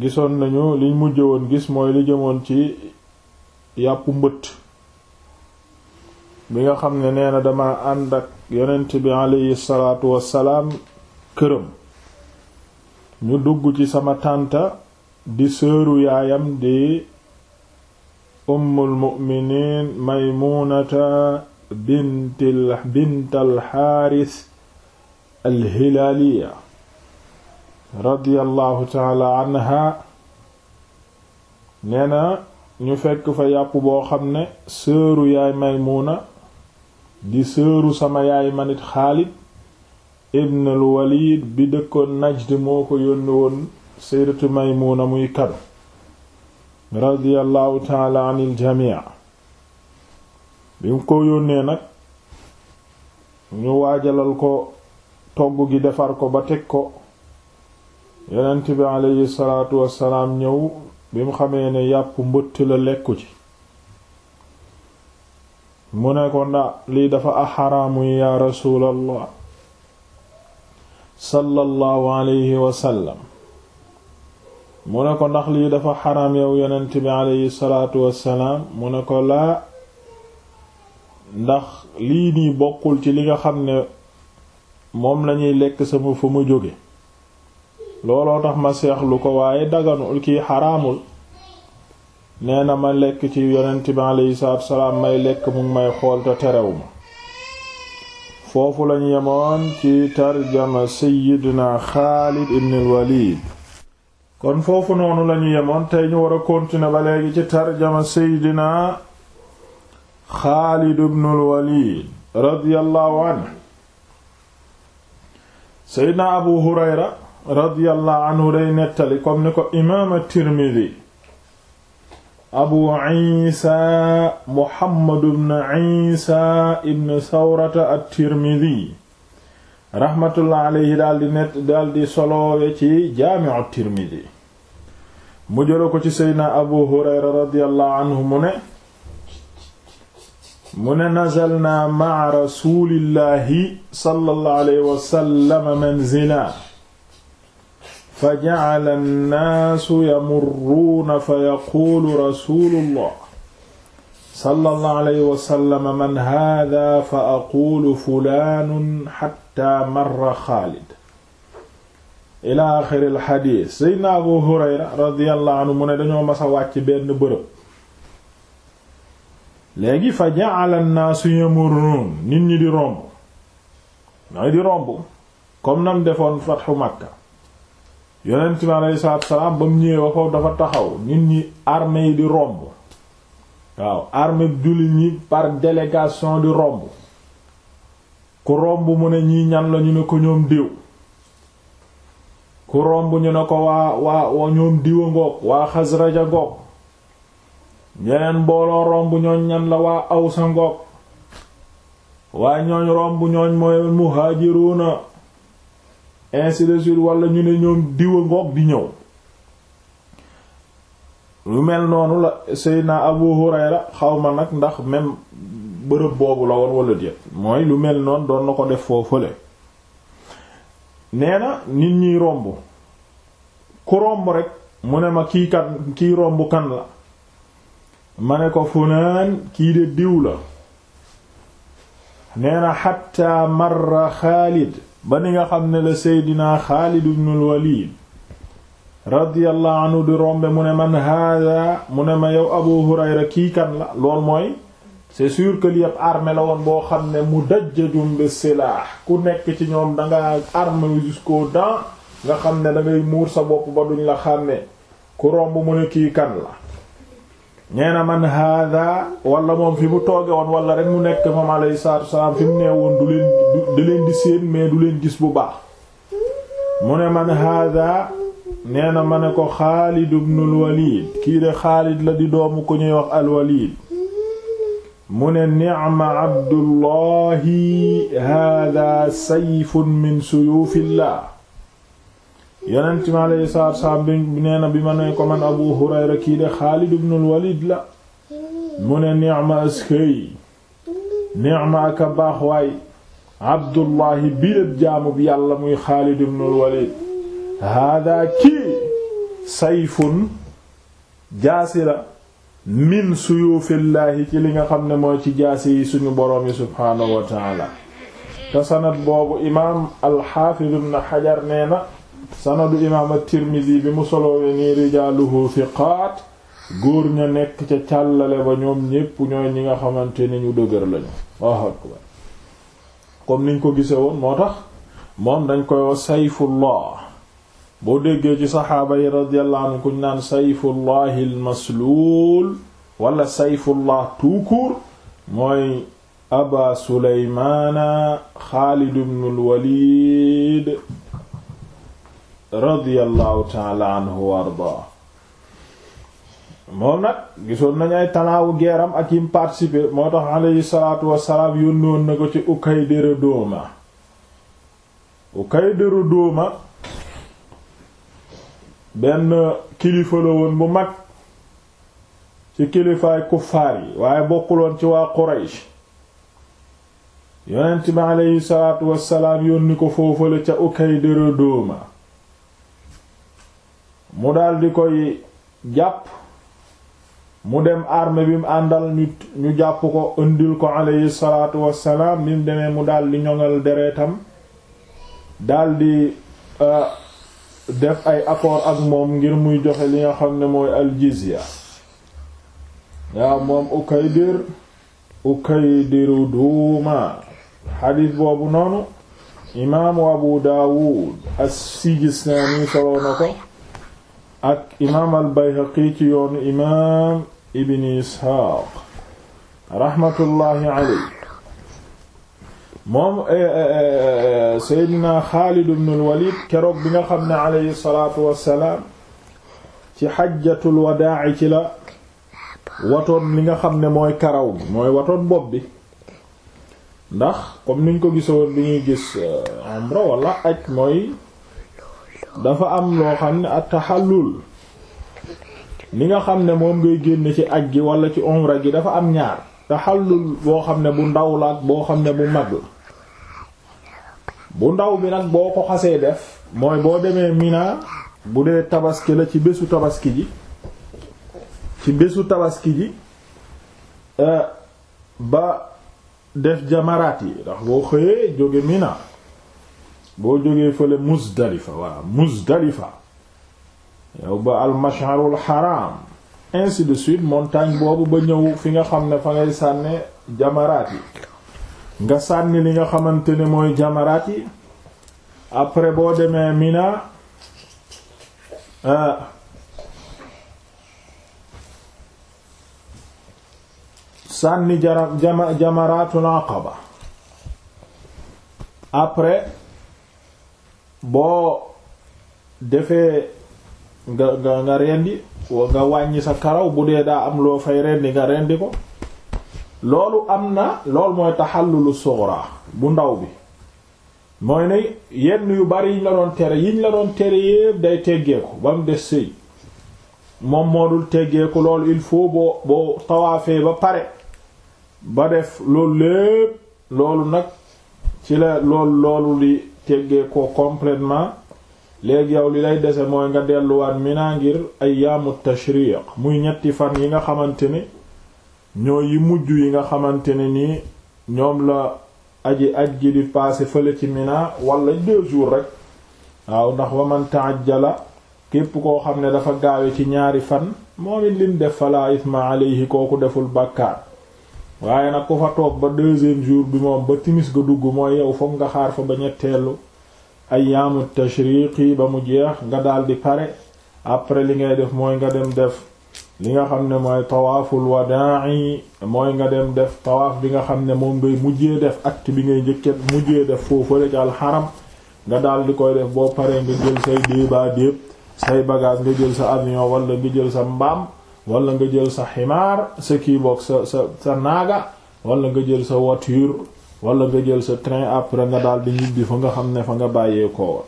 gisoon nañu li mujj woon gis mooy li jëmoon ci yàppu mbëtt bi nga xam ne nee dama ànd ak yonent bi aleyhi salaatu wassalaam këram ñu dugg ci sama tànta di sëru yaayam di ummul mu'miniin maymuunata bintil bintal xaaris alhilaaliya radiyallahu taala anha nee na ñu fekk fa yàpp boo xam ne sëru yaay Maymuna di sëru sama yaay manit Xaalid ibn al-Walid bi dëkkoon Najd moo ko yónni woon sayyidatu Maymuna muy kado radiyallahu taala anil jamii bi mu ko yónnee nag ñu waajalal ko togg gi defar ko ba teg ko yonent bi aleyhi salaatu wassalaam ñëw bi mu xamee ne yàpp mbëtt la lekku ci mu ne ko nda lii dafa axaraamu yaa rasuulallah sallallahu alayhi wasallam mu ne ko ndax lii dafa xaraam yow yonent bi aleyhi salaatu wassalaam mu ne ko laa ndax lii nii bokkul ci li nga xam ne moom lañuy lekk sama fa ma jóge looloo tax ma seexlu ko waaye daganu kii xaraamul nee na ma lekk ci yonent bi aleyhi salaatu may lekk mu may xool te ma foofu lañu yemoon ci tarjama Seyyidina Xaalid ibn al-Walid kon foofu noonu lañu yemoon tey ñu war a continuer ba léegi ci tarjama Seyyidina Xaalid ibn al-Walid radiyallahu anhu Seyyidina Abu Hurayra radiyallahu anhu day nettali comme ni ko imaam at-Tirmidhi abu Isa Muhammad ibn Isa ibn Sawrata at-Tirmidhi rahmatullah alayhi daldi net daldi soloowe ci jaami'u Tirmidhi mu jëla ko ci seydna abu hurayra radiyallahu anhu mu ne nazalna ma'a rasulillahi sallallahu alayhi wa manzila fa jacala annaasu yamurruuna fa yaquulu rasuulullah sallallahu alayhi wa sallam man haadaa fa aquulu fulaanun xatta marra xaalid ila axiri alxadiis seydna abu hurayra radiyallahu anhu mu ne dañoo mas a wàcc benn bërëb léegi fa jacala annaasu yamurruun nit ñi di romb ñooy di romb comme nam defoon fatxu makka yonent bi aleyhi salaatu salaam ba mu ñëwee ba dafa taxaw nit ñi armée yi di romb waaw armée jullit ñi par délégation di romb ku romb mu ne ñii ñan la ñu ne ko ñoom diw ku romb ñu ne ko waa waa ñoom diwa ngoog waa xasraja ngoog ñeneen mbooloo romb ñooñ ñan la waa awsa ngoog waaye ñooñ romb ñooñ mooy muhaajiruuna ainsi de suite wala ñu ne ñoom diwa ngoog di ñëw lu mel noonu la Seydina Abu Hurayra xaw ma nag ndax même bërëb boobu la woon wala déet mooy lu mel noon doon na ko def foofule nee na nit ñiy romb ku romb rek mu ne ma kii kat kii romb kan la ma ne ko funaan kii de diw la nee na xatta marra Xaalid ba ni nga xam ne la seydinaa Xaalid ibnul Waliid radiyallahu anhu di rombe mu ne man hada mu ne ma yow Abu Hurayra kii kan la lool mooy c'est sûr que li ab armée la woon boo xam ne mu dajjajum bi silah ku nekk ci ñoom danga nga armé jusqu'aux dents nga xam ne dangay muur sa bopp ba duñ la xàmme ku romb mu ne kii kan la nee na man hada wala moom fi mu tooge woon wala rek mu nekk moom alayhi salaatu wasalaam fi mu nee woon du leen di séen mais du leen gis bu baax mu ne man hada nee na ma ne ko Xaalid ibnul Walid kii de Xaalid la di doomu ku ñuy wax al-Walid mu ne ni'ma abdullahi hada sayfun min suyufillah yonent mi alayhi salaatu salaam bi nee na bi ma ne ko man Abu Hurayra kii de Xaalid ibnul Walid la mu ne ni'ma askay ni'ma aka baax waay Abdullahi biléb jaamu bi yàlla muy Xaalid ibnul Walid haadaa kii sayfun jaasi la min suyuufillaahi ci li nga xam ne mooy ci jaasi yi suñu boroom yi subhaanahu wa te sanad boobu imaam al-Haafiz ibn nee na sanadu imaam at-Tirmidhi bi mu solowee nii rijaaluhu thiqaat góor ña nekk ca càllale ba ñoom ñépp ñooy ñi nga xamante ni ñu dëgër lañu waaw niñ ko gise woon moo tax moom dañ koy wax sayfullah boo déggee ci saxaaba yi radiyallahu kuñ naan sayfullahi almasluul wala sayfullah tout court mooy aba suleymaana xaalid ibn al walid radiyallahu taala anhu wa moom nag gisoon nañu ay tanaawu geeram ak yim participer moo tax alayhi salaatu na ko ci Ukaydir Dooma Ukaydir Dooma benn kilifa la woon bu mag ci kilifaay kuffaar yi waaye bokkuloon ci waa Quraysh yonent bi alayhi salaatu wassalaam yónni ca Ukaydir Dooma mu daldi koy jàpp mu dem armée bi mu àndal ñu ñu jàpp ko indil ko aleyhi salaatu wassalaam bi mu demee mu daldi ñoŋal deretam daldi euh, def ay accord ak moom ngir muy joxe li nga xam ne mooy aljizya waaw moom Ukaydir Ukaydiru Duuma xadiis boobu noonu imaamu Abu Daawud as-Sijistaani soloo na ko ak imaam al-Bayhaqi ci yoonu imaam Ibn Isxaaq rahmatullahi alayhi moom eh, eh, eh, Seydina Xaalid ibn al-Walid keroog bi nga xam ne alayhi salaatu wassalaam ci xajjatul wadaa ci la watoon li nga xam ne mooy karaw gi bopp bi ndax comme niñ ko gisoon bi ñuy gis umra mooy dafa am loo xam ne at-tahallul ni nga xam ne moom ngay génne ci ak gi walla ci umra gi dafa am ñaar tahallul boo xam ne bu ndaw la ak boo xam ne bu mag la bu ndaw bi nag boo ko xasee def mooy boo demee Mina bu dee tabaski la ci bésu tabaski ji ci bésu tabaski ji euh, ba def jamaraat yi ndax boo xëyee jóge Mina boo jógee fële Muzdalifa voilà Muzdalifa yow ba al-Mash'arul Haram ainsi de suite montagne boobu ba ñëw fi nga xam ne fa ngay sànne jamaraat nga sànni li nga xamante ne mooy jamaraat yi après boo demee Mina euh, sànni jara jamaratul aqaba après boo defee nga nga nga rendi nga wàññi sa karaw bu dee daa am loo fay rendi nga rendi ko loolu am na loolu mooy lu sughra bu ndaw bi mooy ne yenn yu bari yiñ la doon tere yiñ la doon tere yépp day teggeeku ba mu des sëy moom moo dul teggeeku loolu il faut boo boo tawaafee ba pare ba def loolu lépp loolu nag ci la loolu loolu li teggee ko complètement léegi yow li lay dese mooy nga delluwaat Mina ngir ay ayyaamu tashriq muy ñetti fan yi nga xamante ni ñoo yi mujj yi nga xamante ne nii ñoom la aji aj gi di paase fële ci Mina walla deux jours rek waaw ndax wa man ta'ajjala képp koo xam ne dafa gaawe ci ñaari fan moom it lim def falaa isma alayhi kooku deful bàkkaar waaye nag ku fa toog ba deuxième jour bi moom ba timis ga dugg mooy yow fokk nga xaar fa ba ñetteelu ay ayaamu tashriqi ba mu jeex nga di pare après li ngay def mooy nga dem def li nga xam ne mooy tawaaful wadaa'i nga dem def tawaaf bi nga xam ne moom ngay mujjee def acte bi ngay njëkket mujjee def foofale ci alxaram nga di koy def boo paree nga jël say déebaa déeb say bagage nga jël sa avion wala nga jël sa mbaam wala nga jël sa ximaar sa kii boog sa sa sa naaga wala nga jël sa voiture wala nga jël sa train après nga daal di ñibbi fa nga xam ne fa nga bàyyee koo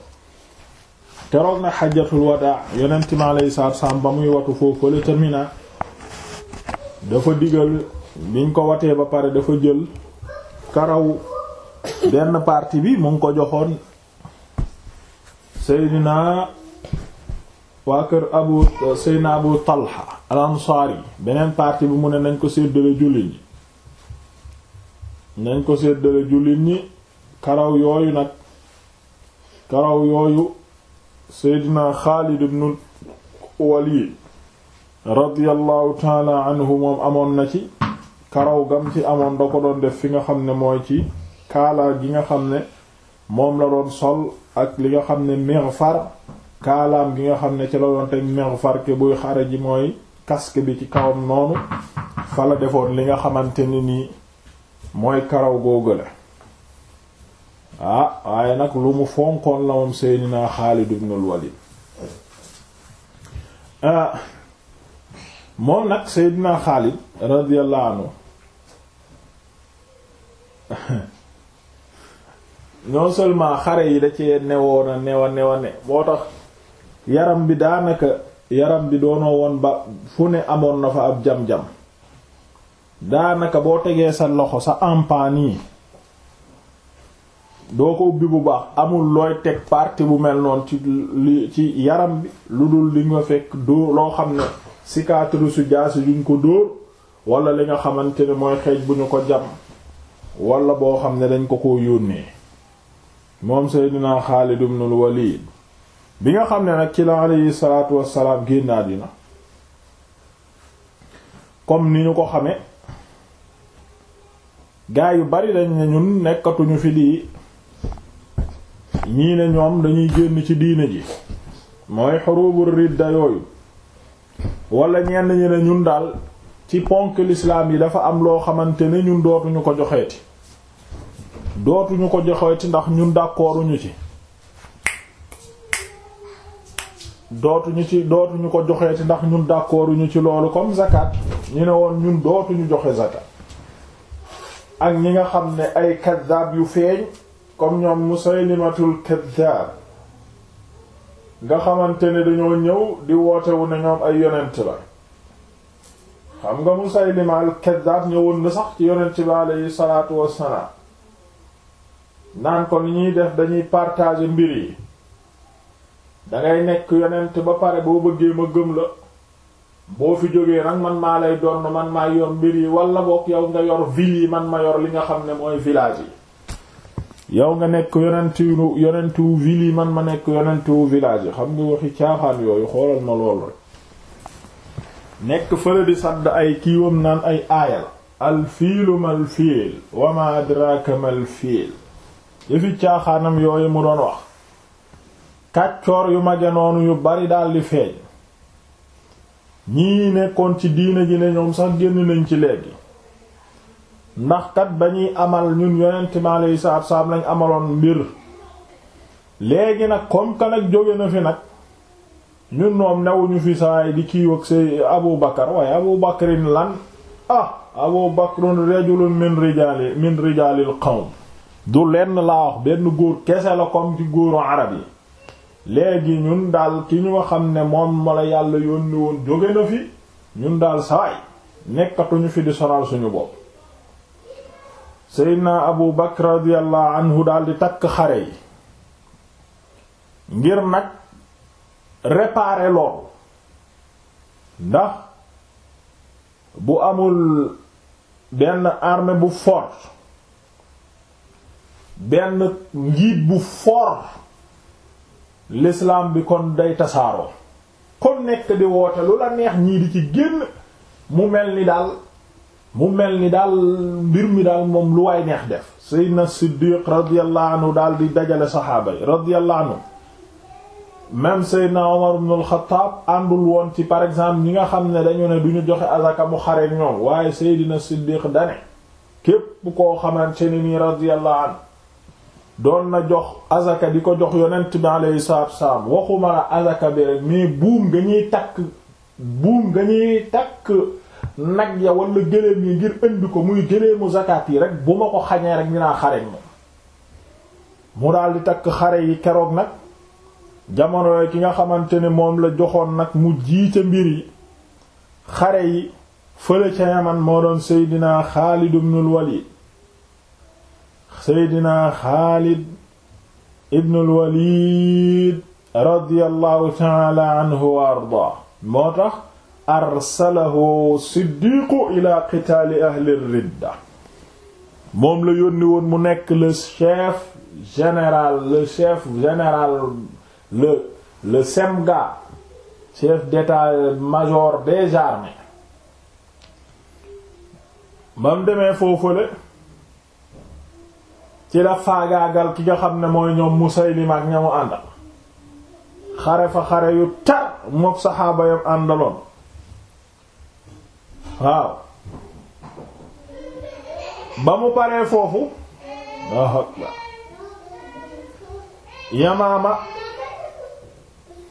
keroog nag xajatul wadaa yonent mi alayhi salaatu salaam ba muy watu foofu la ca dafa digal biñ ko watee ba pare dafa jël karaw benn partie bi mu ngi ko joxoon Seydina waa kër abu euh, seyna abu talha al ansaari beneen partie bi mu ne nañ ko séddale jullit nañ ko séddale jullit ñi karaw yooyu nag karaw yooyu seydina xaalid ibnu walid radiallahu taala anhu moom amoon na ci karaw gam ci amoon da ko doon def fi nga xam ne mooy ci kaala gi nga xam ne moom la doon sol ak li nga xam ne mirfar kaalaam gi nga xam ne ci la doon teg Meghfar ke buy xare ji mooy casque bi ci kawam noonu fa defoon li nga xamante ne nii mooy karaw googu la ah, waaye nag lu mu fonkoon la moom Seydina Xaalid ibnul Walid ah, moom nag Seydina Xaalid radiyallahu xare yi da ci newoon a newa newa ne moo tax yaram bi daanaka yaram bi doonoo woon ba fu ne amoon na fa ab jam-jam daanaka boo tegee sa loxo sa empan doo ko ubbi bu baax amul looy teg partie bu mel noonu ci yaram bi lu dul li nga fekk dóor loo xam ne cicatrice jaasi yuñ ko dóor walla li nga xamante ne mooy xeej bu ñu ko jam wala boo xam ne dañ ko ko yónnee moom Seydina Xaalid ibnul Walid bi nga xam ne nag ci la alayhi salaatu wassalaam génn àddina comme ni ñu ko xame gaa yu bari dañ ne ñun nekkatuñu fi lii ñii ne ñoom dañuy génn ci diine ji mooy xurubu ridda yooyu wala ñenn ñi ne ñun daal ci ponk lislaam yi dafa am loo xamante ne ñun dootuñu ko joxeeti dootuñu ko joxeeti ndax ñun d'accorduñu ci dootuñu ci dootuñu ko joxeeti ndax ñun d'accord ñu ci loolu comme zakat ñu ne woon ñun dootuñu joxe zakat ak ñi nga xam ne ay kaddaab yu feeñ comme ñoom mu musaylimatul kaddaab nga xamante ne dañoo ñëw di wootewu ne ñoom ay yonent la xam nga mu musaylimaal kaddaab ñëwoon na sax ci yonent bi aleyhi salaatu wassalaam naan ko ni ñuy def dañuy partager mbir yi dangay nekk yonent ba pare boo bëggee ma gëm la boo fi jógee nag man maa lay doon man maa yor mbir yi wala boog yow nga yor ville man ma yor li nga xam ne mooy village yi yow nga nekk yonentu yonentu ville man ma nekk yonentu village yi xam nga waxi caaxaan yooyu xoolal ma lool rek nekk fële di ay kiiwam naan ay aayal al fiilu fiil wa ma adraka mal fiil yëfi caaxaanam yooyu mu doon wax kàccoor yu maje noonu yu bari daldi feeñ ñii nekkoon ci diine ji ne ñoom sax génn nañ ci léegi ndax kat ñuy amal ñun yonent mi alayhi salaatu salaam lañ amaloon mbir léegi nag comme que nag jóge na fi nag ñun moom newuñu fi saay di kii wag say Abu Bakar waaye Abu Bakrin lan ah Abu Bakrun rajulun min du lenn laa wax benn góor kese la comme ci góoru arab yi léegi ñun daal ki ñu xam ne moom ma la yàlla yónni woon jóge na fi ñun daal saay nekkatuñu fi di sonal suñu bopp seydna abu bakr radiallahu anhu daal di takk xare yi ngir nag réparer loolu ndax bu amul benn armée bu fort benn njiit bu fort lislaam bi kon day tasaaroo kon nekk di woote lu la neex ñii di ci génn mu mel ni daal mu mel ni daal mbir mi daal moom lu waay neex def Seydina Siddiq radiyallahu anhu daal di dajale saxaaba yi radiyallahu anhu même Seydina Omar ibn al àndul woon ci par exemple ñi nga xam ne dañu ne duñu joxe azaka mu xare ñoom waaye Seydina Siddiq dane képp koo xamante ne nii radiyallahu anhu doon na jox azaka di ko jox yonent bi alayhi salaatu waxuma la azaka bi rek mais buum nga ñuy takk buum nga ñuy takk nag ya wala gëléem yi ngir indi ko muy gëléemu zakat yi rek bu ma ko xañee rek dinaa xare moom mu daal di takk xare yi keroog nag jamono ki nga xamante ne moom la joxoon nag mu jiite mbir yi xare yi fële ca Yaman moo doon Seydina Xaalid ibnul Walid seydina xaalid ibnul walid radiyallahu taala anhu wa arda moo tax arsalahu siddiqu ila qitaali ahli ridda moom la yónni woon mu nekk le chef général le chef général le semga chef d'état-major des armées bam demee foofale ci la faagaagal ki nga xam ne mooy ñoom Musaylima ak ñamu àndal xare fa xare yu tar mook saxaaba yam àndaloon waaw ba mu paree foofu Yamaama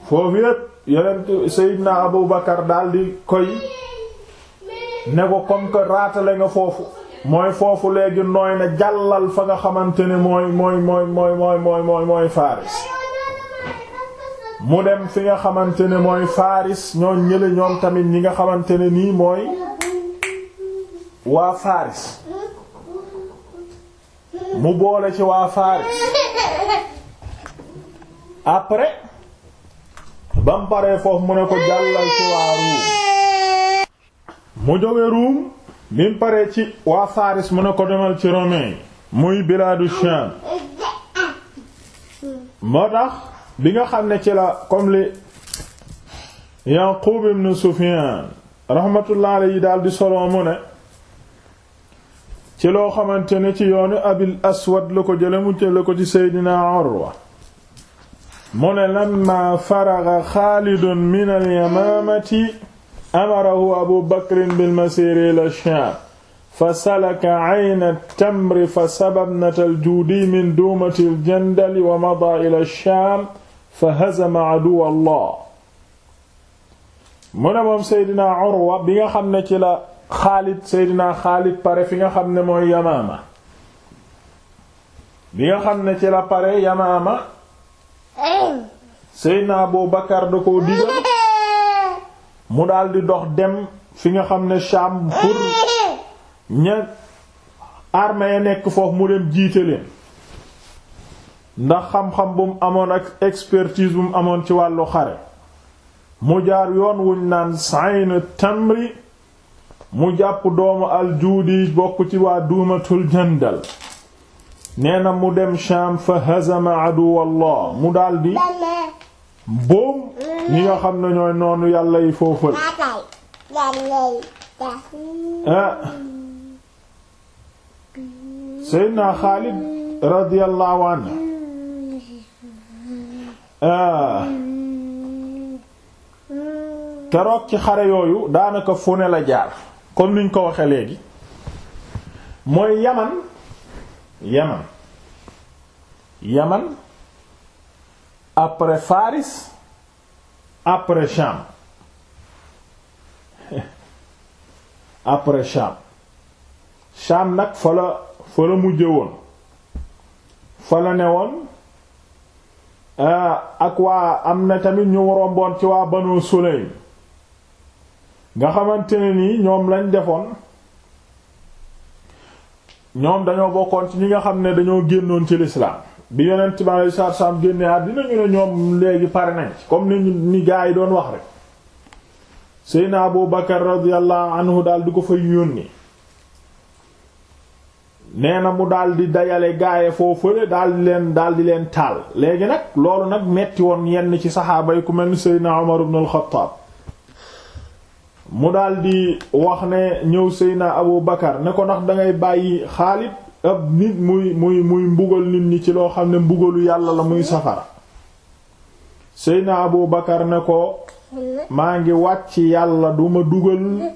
foofu yépp yonent Seydina Abu daldi koy ne ko comme que raatale nga foofu mooy foofu léegi nooy na jàllal fa nga xamante ne mooy mooy mooy mooy mooy mooy mooy mooy Faris mu dem fi nga xamante ne mooy Faris ñoom ñële ñoom tamit ñi nga xamante ne nii mooy waa Faris mu boole ci waa Faris après ba mu paree foofu mu ne ko jàllal ci waa Ruum mu jóge Ruum bi mu paree ci waa Faris mu ne ko demal ci romain muy bilaadu Sham moo tax bi nga xam ne ci la comme li Yaqub ibn Sufyan rahmatullah alayhi daal di solo mu ne ci loo xamante ne ci yoonu abil aswad la ko jële mu jële ko ci seydina Urwa mu ne lamma faraga Xaalidun min yamaamati amarahu abu bakrin bilmasiri ila shaam fa salaka ayna tamri fa sababnata aljuudi min duumati aljandali wa mada ila shaam fa hazama aduwa allah mu ne moom seydina urwa bi nga xam ne ci la xaalid seydina xaalid pare fi nga xam ne mooy yamaama bi nga xam ne ci la pare yamaama seydina abu bakar da koo digal mu daldi dox dem fi nga xam ne Sham pour ña armée nekk foofu mu dem jiite leen ndax xam-xam bu amoon ak expertise bu amoon ci wàllu xare mu jaar yoon wuñ naan Sayn Tamri mu jàpp doomu al-Juudi bokk ci waa Duumatul Jandal nee na mu dem Sham fa hazama aduwallah mu daldi boom ñi nga xam ne ñooy noonu yàlla yi foofal eh. Seydina Xaalid radiyallahu anhu eh. keroog ci xare yooyu daanaka fu la jaar kon niñ ko waxee léegi mooy yaman yaman yaman après Faris après Cham après Cham Cham nag fa la fa la mujje woon fa la ne woon ah, ak waa am na tamit ñu romboon ci waa Banu Sulaym nga xamante ne nii ñoom lañ defoon ñoom dañoo bokkoon ci ñi nga xam ne dañoo génnoon ci lislaam bi yonent bi alayhi salaatu salaam génne ne ñoom léegi pare nañ ci comme ni ni gaa yi doon wax rek Seydina Abu Bakar radiyallahu anhu daal di ko fa yónni nee na mu daldi dajale gaaye foofu daal di leen daal di leen taal léegi nag loolu nag metti woon yenn ci saxaaba yi ku mel ni Seydina Umar ibn al-Khattab mu daal wax ne ñëw Seydina Abu Bakar ne ko ndax dangay bàyyi xaalit ab nit muy muy muy mbugal nit ñi ci loo xam ne mbugalu yàlla la muy safara seyna abu bakar ne ko maa ngi wàcc yàlla du ma dugal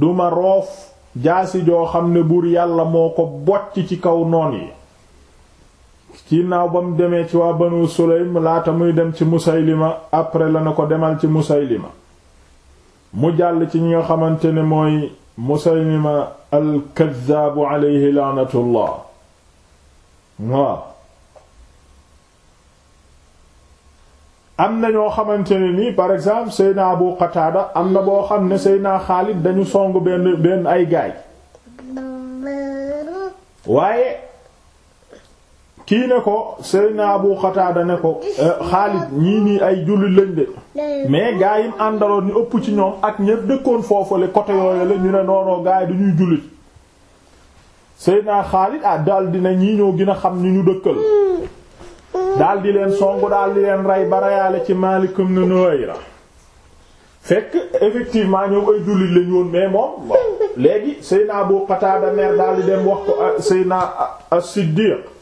duma roof jaasi joo xam ne buur yàlla moo ko bocc ci kaw noon yi ci naaw ba mu demee ci waa banu sulaym laata muy dem ci ma après la ne ko demal ci musaylima mu jàll ci ñi nga xamante ne mooy Musaylima al-Kazzaabu alayhi am na ñoo xamante ne ni par exemple Seydina Abu Qatada am na boo xam ne Seydina xaalit dañu song benn benn ay gaay waaye kii ne ko Seydina Abu Qatada ne ko eh, Xaalid ñii nii ay jullit lañ de mais gaa yi àndaloon ñu ëpp ci ñoom ak ñëpp dëkkoon foofale côté yooyu la ñu ne noonoo gaa yi duñuy jullit Seydina Xaalid ah daal dina ñii ñoo gin a xam ñu ñu dëkkal mm. daal di leen songu daal di leen rey ba reyaale ci Maalik ibn Nuwayra fekk effectivement ñoom ay jullit lañ woon mais moom léegi Seydina Abu Qatada mer daal di dem wax ko ah, a ah, As-Siddiq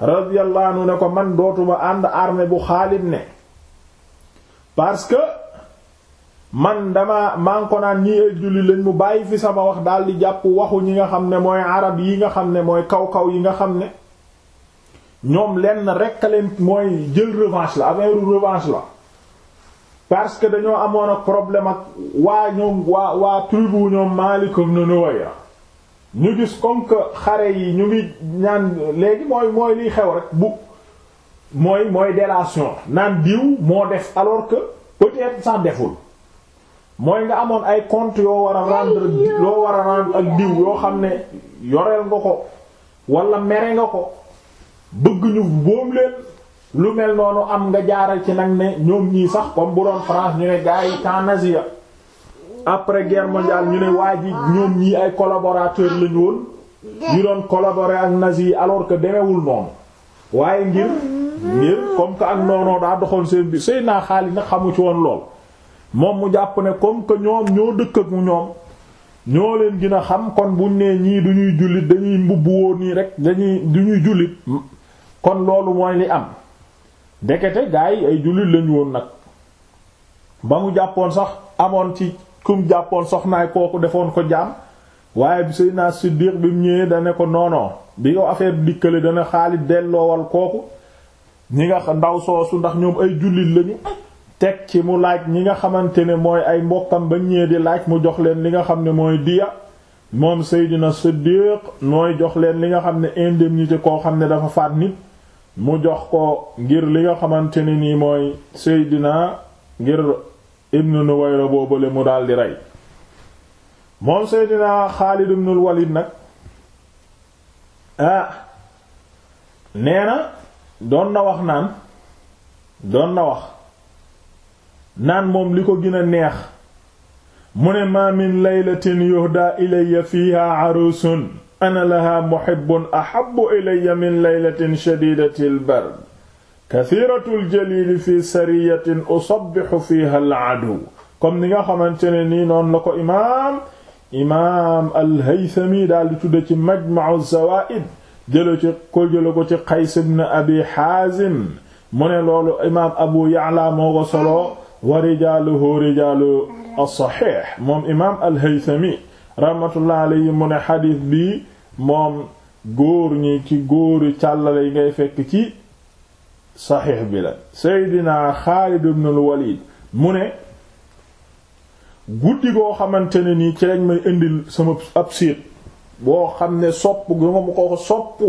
radiyallahu ne ko man dootuma ànd armée bu Xaalid ne parce que man dama maa naan ñii ay julli lañ mu bàyyi fi sama wax daal di jàpp waxu ñi nga xam ne mooy arab yi nga xam ne mooy kaw-kaw yi nga xam ne ñoom lenn rekk leen mooy jël revanche la affaire revanche la parce que dañoo amoon ak problème ak waa ñoom waa waa tribu ñoom Maalik ibn Nuwayra ñu gis comme que xare yi ñu ngi ñaan léegi mooy mooy liy xew rek bu mooy mooy délation naan diw moo def alors que peut-être sax deful mooy nga amoon ay compte yoo war a rendre yoo war a rendre ak diw yoo xam ne yoreel nga ko wala mere nga ko bëgg ñu boom leen lu mel noonu am nga jaaral ci nag ne ñoom ñii sax comme bu doon France ñu ne gars yi temps nazi ya après guerre mondiale ñu ne waa ji ñoom ñii ay collaborateur lañu woon ñu doon collaborer ak nazi alors que demewul noonu waaye ngir ngir comme que ak noonoo daa doxoon seen biir sëy naa xaalis nag xamu ci woon lool moom mu jàpp ne comme que ñoom ñoo dëkk ak mu ñoom ñoo leen gën a xam kon buñ nee ñii duñuy ñuy jullit dañuy mbubb woon nii rek dañuy du ñuy jullit kon loolu mooy li am ndekete gaa yi ay jullit lañu woon nag ba mu jàppoon sax amoon ci kum jàppoon soxnaay kooku defoon ko jaam waaye bi Seydina Siddiq bi mu ñëwee dane ko noonoo bi ko affaire dikkale dana Xaalid delloowal kooku ñi nga ndaw soosu ndax ñoom ay jullit lañu teg ci mu laaj ñi nga xamante ne mooy ay mbokkam ba ñëwee di laaj mu jox leen li nga xam ne mooy diya moom Seydina Siddiq mooy jox leen li nga xam ne indemnité koo xam ne dafa faat nit mu jox ko ngir li nga xamante ne nii mooy Seydina ngir ibnu Nuwayra boobale mu daldi rey moom Seydina Xaalid ibnul Walid nag ah nee na doon na wax naan doon na wax naan moom li ko gën a neex mu ne ma min laylatin yuhda ilayya fiha arusun ana laha muhibbun ahabbu ilayya min laylatin shadidatil bard kathiratul jalili fi sariyatin usabbixu fiha al aduw ni nga xamante ne nii noonu la ko imaam imaam al daal di tudde ci Majma'u Zawaa'id ko jële ko ci Qays ibn Abi Haazim mu ne loolu imaam Abu Ya'la moo ko solo wa rijaaluhu rijaalu as-Sahiih moom imaam al-Haythami rahmatullahi alayhi mu ne xadiis bi moom góor ñi ci góori càllale yi ngay fekk ci saxiix bi la Seydina Xaalid ibn al-Walid mu ne guddi goo xamante ne nii ci lañ may indil sama ab siit boo xam ne sopp gu ma ko sopp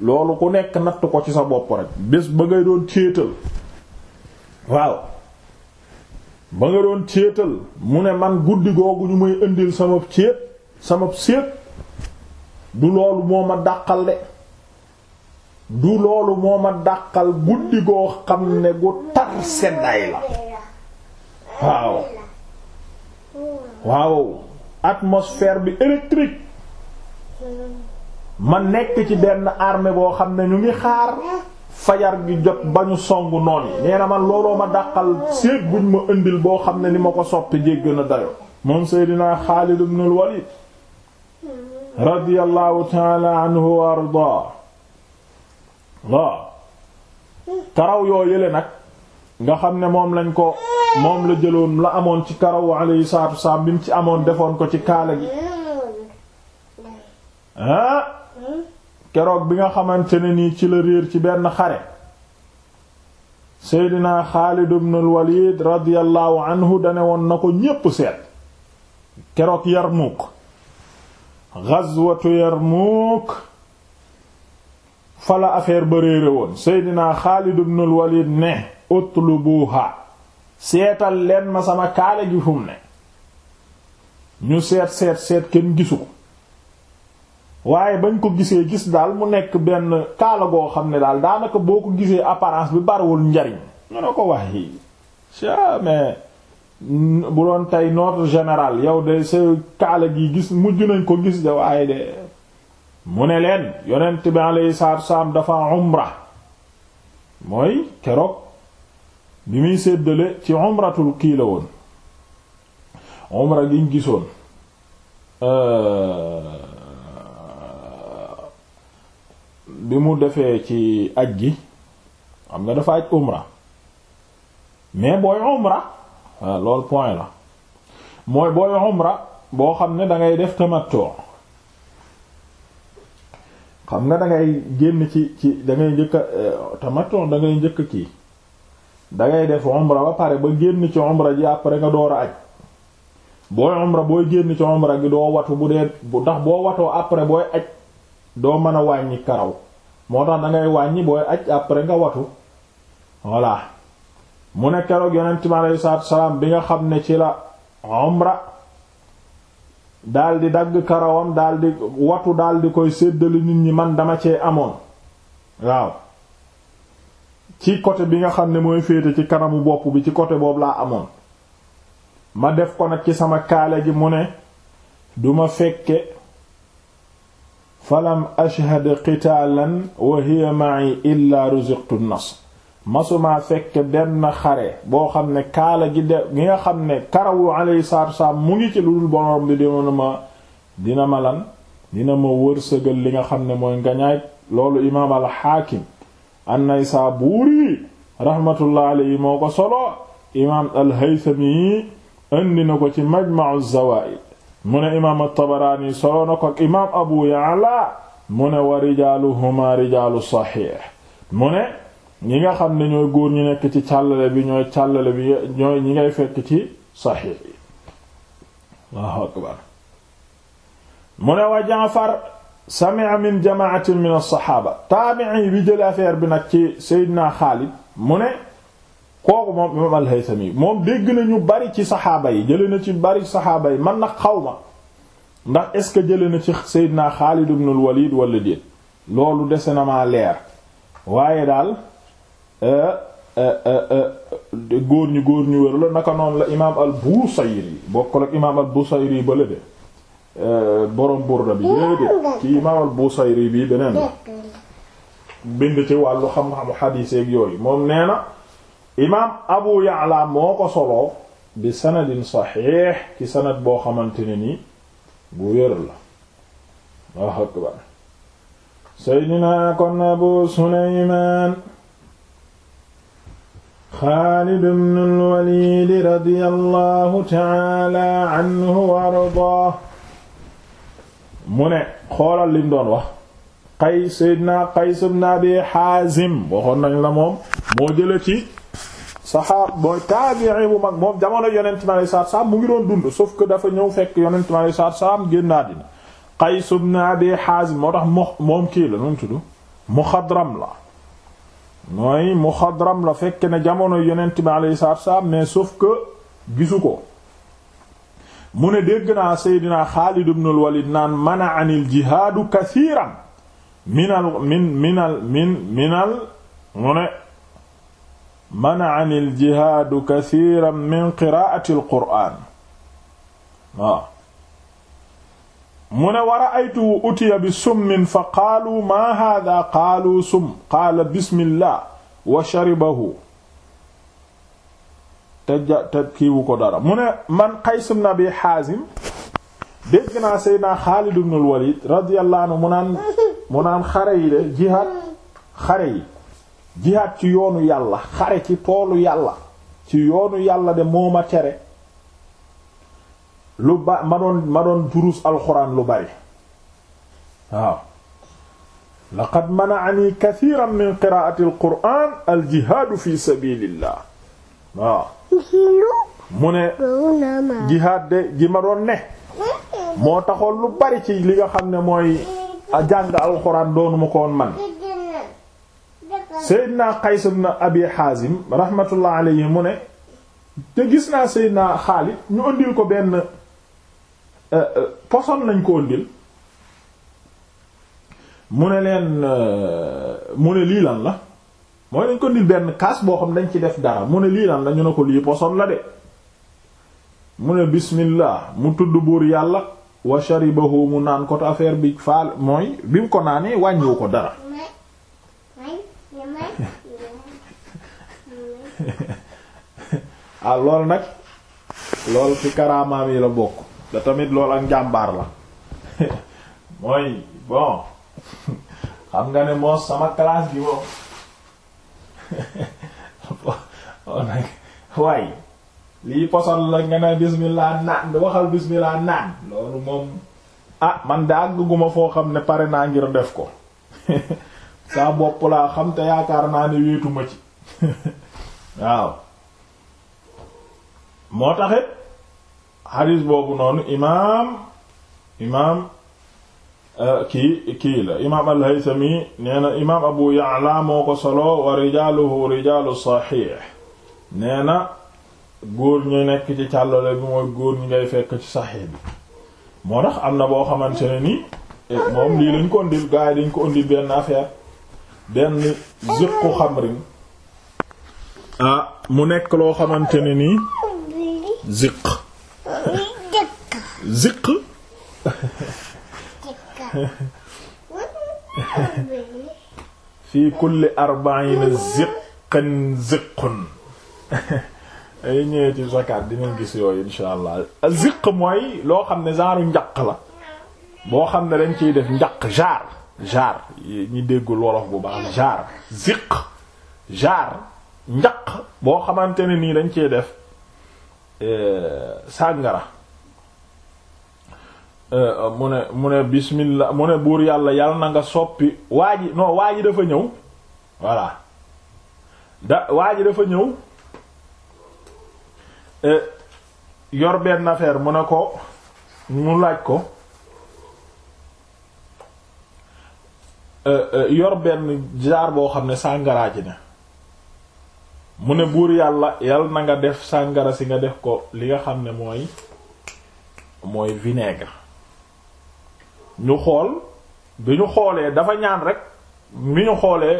loolu ku nekk natt ko ci sa bopp rek bés ba ngay doon céetal waaw ba nga doon céetal mu ne man guddi googu ñu may indil sama céet séet du loolu moo ma dàqal de du loolu moo ma dàqal guddi goo xam ne gu tar seddaay la waaw waaw atmosphère bi électrique ma nekk ci benn arme boo xam ne ñu ngi xaar fajar gi jot bañu ñu noon yi nee na man looloo ma dàqal séet buñ ma indil boo xam ne ni ma ko soppi jégg na dayo moom Seydina Xaalid ibn al Walid radiyallahu ta'ala anhu wa ardaa waaw karaw yoo yële nag nga xam ne moom lañ ko moom la jëloon la amoon ci karawu alayhi salaatu wassalaam bi ci amoon defoon ko ci kaala gi ah keroog bi nga xamante ne nii ci la réer ci benn xare seydinaa Xaalid ibn al-Walid radiyallahu anhu dane woon na ko ñépp seet keroog Yarmuuk ghazwatu Yarmuuk fala affaire ba réere woon seydinaa Xaalid ibnul Walid ne utlubuha seetal leen ma sama kaala gi fum ne ñu seet seet seet kenn gisu ko waaye bañ ko gisee gis daal mu nekk benn kaala goo xam ne daal daanaka boo ko gisee apparence bi bariwul njariñ ñu ne ko wax yi mais bu doon tey notre général yow de sa kaala gi gis mujj nañ ko gis de waaye de mu ne leen yonent bi alayhi salaatu wasalaam dafa umra mooy keroog bi muy séddalee ci umratul kii la woon umra gi ñu gisoon euh, bi mu defee ci aj gi xam nga dafa aj umra mais booy umra loolu point la mooy booy umra boo xam ne dangay def tamattu xam nga dangay génn ci ci da ngay njëkk a eh, tamattu da ngay njëkk kii dangay ngay def umra ba pare ba génn ci umra ji après nga door a aj booy umra booy génn ci umra gi doo watu bu dee ndax boo watoo après booy aj doo mën a wàññi karaw moo tax da ngay wàññi booy aj après nga watu voilà mu ne keroog yonent mi aleyhi salaatu salaam bi nga xam ne ci la umra. daldi dagg karawam daldi watu daldi koy séddali nit ñi man dama cee amoon waaw ci côté bi nga xam ne mooy féete ci kanamu bopp bi ci côté boobu laa amoon ma def ko nag ci sama kaale ji mu ne duma fekke falam ashhad qitaalan wa hiya ma'i illa ruziqtu an-nasr masuma fekk benn xare boo xam ne kaala gi nga xam ne karawu alayhi salaatu wassalaam mu ngi ci lu dul borom bi dina ma dina ma lan dina ma wërsëgal li nga xam ne mooy ngañaay loolu imaam alxaakim an-Naysaburi rahmatullah alayhi solo imaam al-Haythami ko ci majma'u zawaa'id mu ne imaam at solo na ko ak imaam Abu Ya'la mu ne wa rijaaluhumaa rijaalu saxiix mu ne ñi nga xam ne ñooy góor ñu nekk ci càllale bi ñooy càllale bi ñooy ñi ngay fekk ci saxiix yi Allahu akbar mu ne wa Jaafar sami'a min jamaatin min as-saxaaba taabi'i bi jël affaire bi nag ci Seydina Xaalid mu ne kooku moom imaam al-Haythami moom dégg na ñu bari ci saxaaba yi jële na ci bari saxaaba yi man nag xaw ma ndax est-ce que jële na ci Seydina Xaalid ibn al-Walid wala déet loolu dese na maa leer waaye daal Eh, eh, eh, góor ñu góor ñu wër la naka noonu la imaam al-Busayri bokkul ak imaam al-Busayri ba la borom burda bi léegi ci imaam al-Busayri bi beneen la bind ci wàllu xam-xamu xadiis ak yooyu moom nee na imaam Abu Ya'la moo ko soloo bi sanadin saxiix ci sanad boo xamante ne nii bu wér la waaw kon Abu Sulaymaan Xaalid ibn al-Walid radiyallahu ta'ala anhu wa ardaa mu ne xoolal lim doon wax Qays sayyidina Qays ibn Abi Haazim waxoon nañ la moom moo jële ci saxaab mooy taabi'i bu mag moom jamono yonent mi alayhi salaatu salaam mu ngi doon dund sauf que dafa ñëw fekk yonent mi alayhi salaatu salaam génn àddina Qays ibn Abi Haazim moo tax moom kii la nu mu tudd Muxadram la mooy muxadram la fekk ne jamono yonent bi alayhi salaatu salaam mais sauf que gisu ko mu ne dégg naa seydinaa Xaalid mana anil jihaadu kasiiran min minal min mu ne war a aytu utiya bi summin fa qaalu maa hada qaalu sum qaala bismillah wa sharibahu te ja ko dara mu man Qays ibn Abi Haazim dégg naa Seydina Xaalid ibn al-Walid radiyallahu anhu mu xare yi de jihaad xare yi jihaad ci yoonu yàlla xare ci toolu yàlla ci yoonu yàlla de moo ma lu ba ma doon ma alxuraan lu bari waaw laqad mana'ani kathiran min qiraa'ati alqur'aan aljihaadu fi sabilillah waaw mu ne jihaad de ji ma doon ne moo taxoon lu bari ci li nga xam ne mooy a jàng alxuraan doonu ma ko woon man Seydina Qays ibn Abi Haazim rahmatullah alayhi mu ne te gis naa Seydina Xaalid ñu andil ko benn Euh, euh, poson lañ ko ndil mu ne leen euh, mu ne lii lan la mooy dañ ko ndil benn kaas boo xam dañ ci def dara mu ne lii lan la ñu ko lii poson la de mu ne bismillah mu tudd buur yàlla wa sharibahu mu naan ko affaire bi faal mooy bi mu ko naanee wàññiwu ko dara ah loolu nag loolu ci karaamaam yi la bokk te tamit loolu ak njàmbaar la mooy bon xam nga ne moo sama classe gi moom waay lii posal la nga ne bismillah naan waxal bismillah naan loolu moom ah man de àgguma foo xam ne pare naa ngir def ko saa bopp laa xam te yaakaar naa ne wéetuma ci waaw moo taxit xadis boobu noonu imaam imaam euh, kii kii la imaam al-Haythami nee imaam Abu Ya'la moo ko solo wa rijaaluhu rijaalu saxiix nee na góor ñu nekk ci càllale bi mooy góor ñi ngay fekk ci saxiix bi moo tax am na boo xamante ne ni eh, moom lii lañ ko ëndil gars yi dañ ko ëndil benn affaire benn ziqu xamrin ah mu nekk loo xamante ne nii ziq fii kulli arbaina ziqan ziqun ay ñëwee ci zakat dinañ gis yooyu insha allah ziq mooy loo xam ne genre njaq la boo xam ne dañ ciy def njaq jaar jaar ñi déggul wolof bu baax jaar siq jaar njaq boo xamante ne nii dañ ciy def eh, sàngara Euh, mu ne mu ne bismillah mu ne buur yàlla yàlla na nga soppi waa ji non waa ji dafa ñëw voilà da waa ji dafa ñëw euh, yor benn affaire mu ne ko mu laaj ko euh, yor benn jaar boo xam ne sàngara ji ne mu ne buur yàlla yàlla na nga def sàngara si nga def ko li nga xam ne mooy mooy vinaigre ñu xool bi ñu xoolee dafa ñaan rek mi ñu xoolee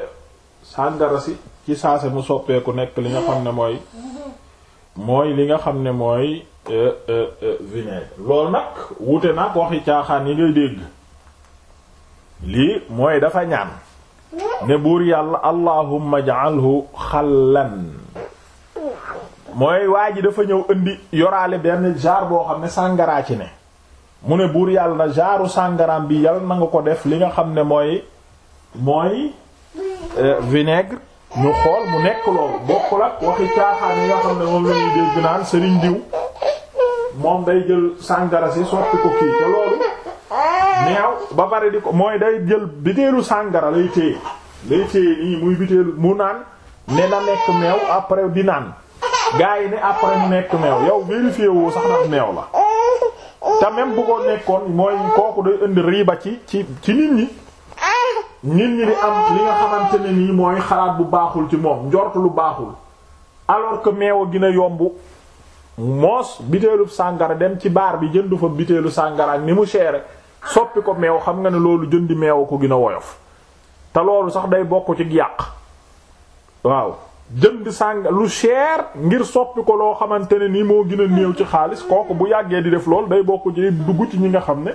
sàngara si ci saase mu soppeeku nekk li nga xam ne mooy mooy li nga xam ne mooy eh, eh, eh, vinaigre loolu nag wuute nag waxi caaxaan yi ngay dégg lii mooy dafa ñaan ne buur yàlla allahumma ja'alhu xallan mooy waa ji dafa ñëw indi yoraale benn jaar boo xam ne sàngaraa ci ne mu ne buur yàlla na jaaru sàngaraam bi yàlla na nga ko def li nga xam ne mooy mooy euh, vinaigre ñu xool mu nekk loolu bokkul ak waxi caaxaan yi nga xam ne moom la ñuy dégg naan sëriñ diw moom day jël sàngara si sotti ko kii te loolu neew ba pare di ko mooy day jël biteelu sàngara lay téye lay téye nii muy biteelu mu naan ne na nekk meew après di naan gars yi ne après mu nekk meew yow vérifié woo sax ndax meew la te même bu nekkoon mooy kooku day indi riiba ci ci ci nit ñi nit ñi di am li nga xamante ne nii mooy xaraat bu baaxul ci moom njort lu baaxul alors que meew a gën yomb moos biteelu sàngara dem ci baar bi jëndu fa biteelu sàngara ak ni mu seere soppi ko meew xam nga ne loolu jëndi meew ko gën a woyof te loolu sax day bokk ci yàq waaw jënd sàng lu cher ngir soppi ko loo xamante ne ni moo gën a néew ci xaalis kooku bu yàggee di def lool day bokk ci dugg ci ñi nga xam ne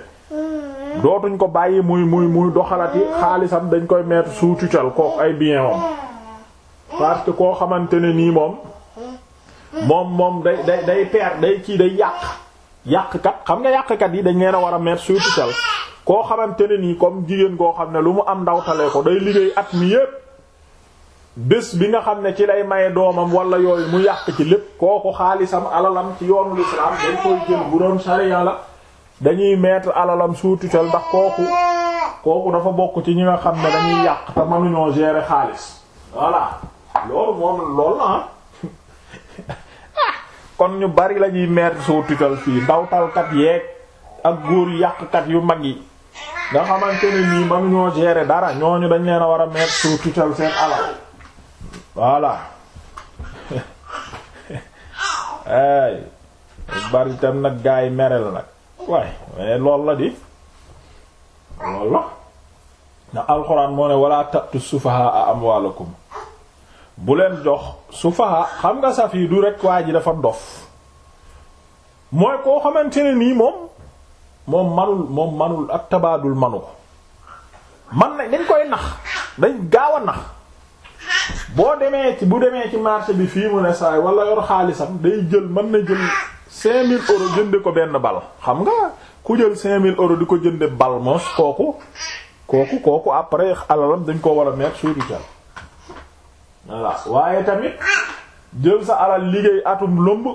dootuñ ko bàyyi muy muy muy doxalaat yi xaalisam dañ koy mettre sous tutelle kooku ay bien moom parce koo xamante ne nii moom moom moom day day day perdre day kii day yàq yàqkat xam nga yàqkat yi dañ leen a war a mettre sous tutelle koo xamante ne nii comme jigéen koo xam ne lu mu am ndawtalee ko day liggéey at mi yépp bés bi nga xam ne ci lay maye doomam wala yooyu mu yàq ci lépp kooku xaalisam alalam ci yoonu l'islam dañ koy jël bu doon sariya la dañuy mettre alalam sous tutelle ndax kooku kooku dafa bokk ci ñi nga xam ne dañuy yàq te ñoo gérer xaalis voilà loolu moom lool ah kon ñu bari la ñuy mettre sous tutelle fii ndawtalkat yeeg ak góor yàqkat yu mag yi nga xamante ne nii mënuñoo gérer dara ñooñu dañ leen a war a mettre sous tutelle seen alal voilà ay bari tam nag gaa yi mere la nag waaye mais lool la di lool la ndax alxuraan moo ne wala tattu sufahaa amwaalakum bu leen jox sufahaa xam nga saf rek waa ji dafa dof mooy koo xamante ne nii moom moom manul moom manul ak tabaadul manu ko man nañ dañ koy nax dañ gaaw a nax boo demee ci bu demee ci marché bi fii mu ne saay wala yor xaalisam day jël mën na jël 5000 euros jënde ko benn bal xam nga ku jël mille euros di ko jënde bal mos kooku kooku kooku après alalam dañ koo war a mettre sur le waaye tamit jël sa alal liggéey atum lëmb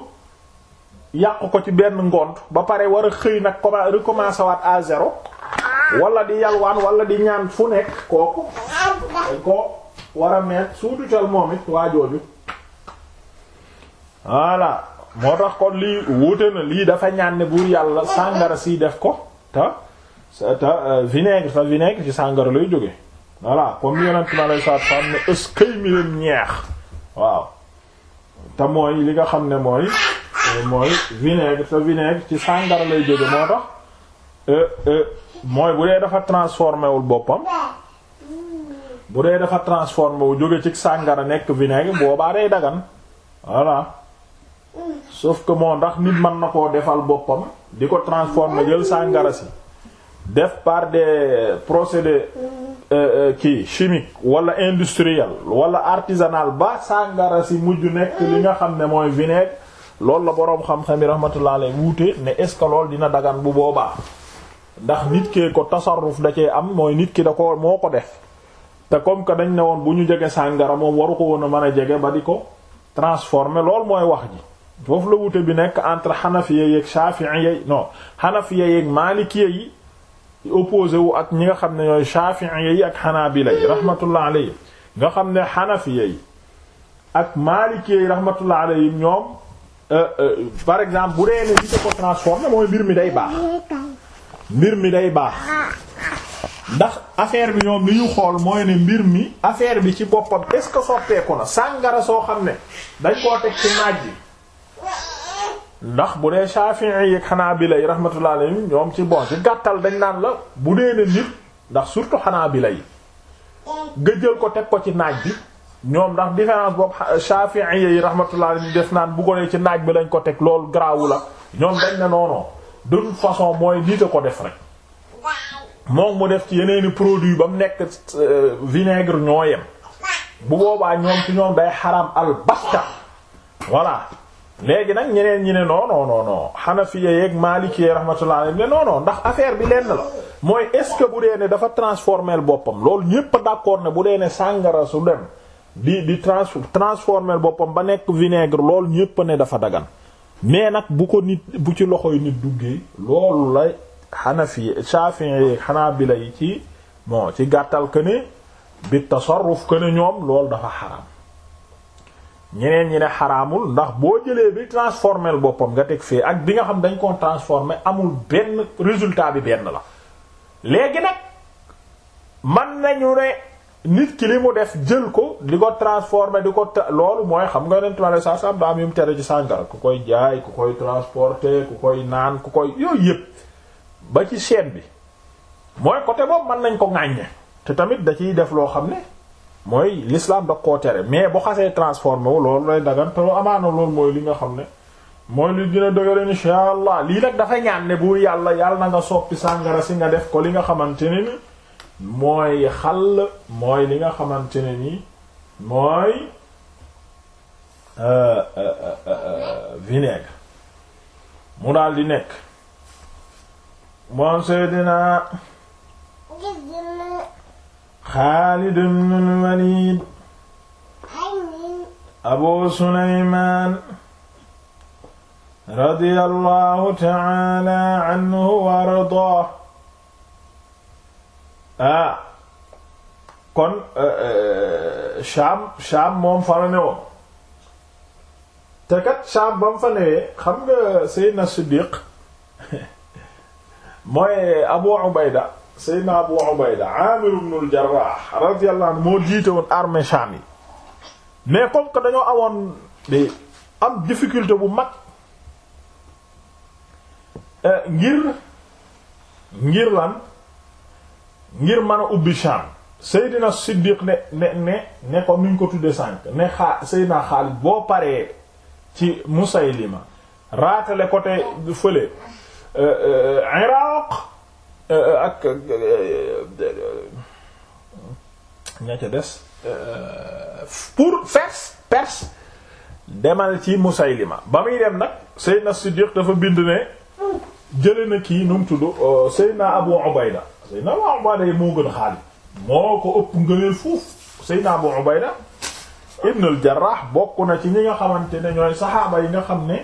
yàq ko ci benn ngont ba pare war a xëy nag commencé recommencer waat à zéro wala di yalwaan wala di ñaan fu nekk kooku ko war a meet suutucal moom it waa jooju voilà moo tax kon lii wuute na lii dafa ñaan ne buur yàlla sàngara si def ko te te euh, vinaigre te vinaigre ci sàngara lay jóge voilà comme yonent ma ñeex waaw te mooy li nga xam ne mooy euh, mooy vinaigre te vinaigre ci sàngara lay jóge moo tax euh, mooy bu dee dafa transformé wul boppam bu dee dafa transformé wu jóge ci sàngara nekk vinaigre boobaa day dagan voilà sof ko moo ndax nit mën na koo defal boppam di ko transformé jël sàngara si def par des procédés euh, euh, kii chimique wala industriel wala artisanal ba sàngara si mujj nekk li nga xam ne mooy vinaigre loolu la boroom xam-xam yi rahmatullah alayhi wuute ne est dina dagan bu boobaa ndax nit kee ko tasarruf da cee am mooy nit ki da ko moo ko def te comme que dañ ne woon bu ñu jege sàngara moom waru ko woon a mën a jege ba di ko transformer lool mooy wax ji foofu la wute bi nekk entre xanafiya yeeg shafi'i yeeg non xanafiya yi opposé wu ak ñi nga xam ne ñooy shafi'i yi ak xanaabila yi rahmatullah alayhi nga xam ne xanafiya yi ak malikiya yi rahmatullah alayhi ñoom euh, euh, par exemple bu dee ne li ko transformer mooy mbir mi day baax mbir mi day baax ndax affaire bi ñoom li ñu xool mooy ne mbir mi affaire bi ci boppam est-ce que soppeeku na sàngara soo xam ne dañ koo teg ci naaj bi ndax bu dee Shafi'i yeeg Hanabila yi rahmatullah alayhim ñoom ci bon ci gàttal dañ naan la bu dee ne ndax surtout Hanabila yi nga jël ko teg ko ci naaj bi ñoom ndax différence boobu Shafi'i yi rahmatullah alayhim def naan bu ko nee ci naaj bi lañ ko teg loolu garaawu la ñoom dañ ne non non de toute façon mooy nit a ko def rek. moom mu def ci yeneeni produit ba mu nekk euh, vinaigre ñoo yem bu boobaa ñoom ci ñoom day xaram albatta voilà léegi nag ñeneen ñi ne non non non non Hanafiya yeeg Maliki rahmatullah alayhi ne non non ndax affaire bi lenn la mooy est-ce que bu dee ne dafa transformer boppam loolu ñépp a d'accord ne bu dee ne sàngara su dem di di trans transformer boppam ba nekk vinaigre loolu ñépp ne dafa dagan mais nag bu ko nit bu ci loxoy nit duggee loolu lay. xanafi shafi'i xanaabila yi ci bon ci gàttal que ne bi tasarruf que ne ñoom loolu dafa xaraam ñeneen ñi ne xaraamul ndax boo jëlee bi transformé boppam nga teg fee ak bi nga xam dañ koo transformé amul benn résultat bi benn la léegi nag man nañu ne nit ki li mu def jël ko di ko transformé di ko loolu mooy xam nga ne ma le sa sam da am yu mu tere ci sàngara ku koy jaay ku koy transporter ku koy naan ku koy yooyu yépp ba ci chaîne bi mooy côté boobu man nañ ko ŋàññe te tamit da ciy def loo xam ne mooy l'islam da koo tere mais bu xasee transformé wu loolu lay dagan te amaana loolu mooy li nga xam ne mooy li dina dëgër insha allah lii nag dafa ñaan ne bu yàlla yàlla na nga soppi sàngara si nga def ko li nga xamante ne mooy xal mooy li nga xamante ne ni mooy euh, euh, euh, mu daal di nekk moom seydina Xaalid ibn al-Walid Abu Suleymaan radiyallahu ta'ala anhu wa ardaa ah kon eh, eh, Shaam Shaam moom fa la newoon te kat Shaam bam fa newee xam nga Seydina Siddiq mooy Abu Ubayda Seydina Abu Ubayda Amir ibn al-Jarrah radiyallahu moo jiite woon armée Sham yi mais comme que dañoo awoon di am difficulté bu mag euh, ngir ngir lan ngir mën a ubbi Sham Seydina Siddiq ne ne ne ne ko nuñ ko tudde sànk ne xaa Seydina Xaalid boo paree ci Musaylima raatale côté fële Euh, euh, Iraq euh, ak ña ca des pour Perse Perse demal ci Musaylima ba muy dem nag Seydina Siddiq dafa bind ne jële na kii nu mu tudd Seydina Abu Ubayda Seydina Abu Ubayda yi moo gën a Xaalid moo ko ëpp ngëneel fuuf Seydina Abu Ubayda ibn al-Jarrah bokk na ci ñi nga xamante ne ñooy saxaaba yi nga xam ne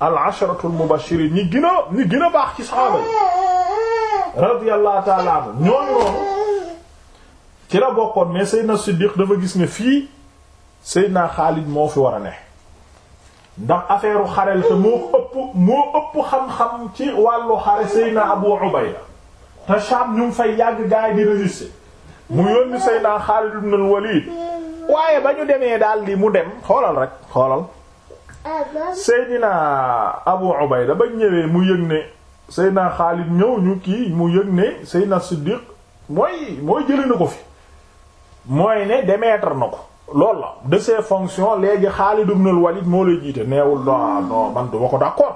al asharatul mubashirin ñi gën a ñi gën a baax ci saxaaba yi radiyallahu ta'ala anhu ñooñu noonu ci la bokkoon mais Seydina Siddiq dafa gis ne fii Seydina Xaalid moo fi war a ne ndax affaire xarel te moo ëpp moo ëpp xam-xam ci wàllu xare Seydina Abu Ubayda te Sham ñu ngi fay yàgg gaay di résister mu yónni Seydina Xaalid ibn al-Walid waaye ba ñu demee daal li mu dem xoolal rek xoolal Seydina Abu Ubayda ba ñëwee mu yëg ne Seydina Xaalid ñëw ñu kii mu yëg ne Seydina Siddiq mooy mooy jëlee na ko fi mooy ne démettre na ko lool la de ses fonctions léegi Xaalid ibn al-Walid moo lay jiite neewul non non man duma ko d'accord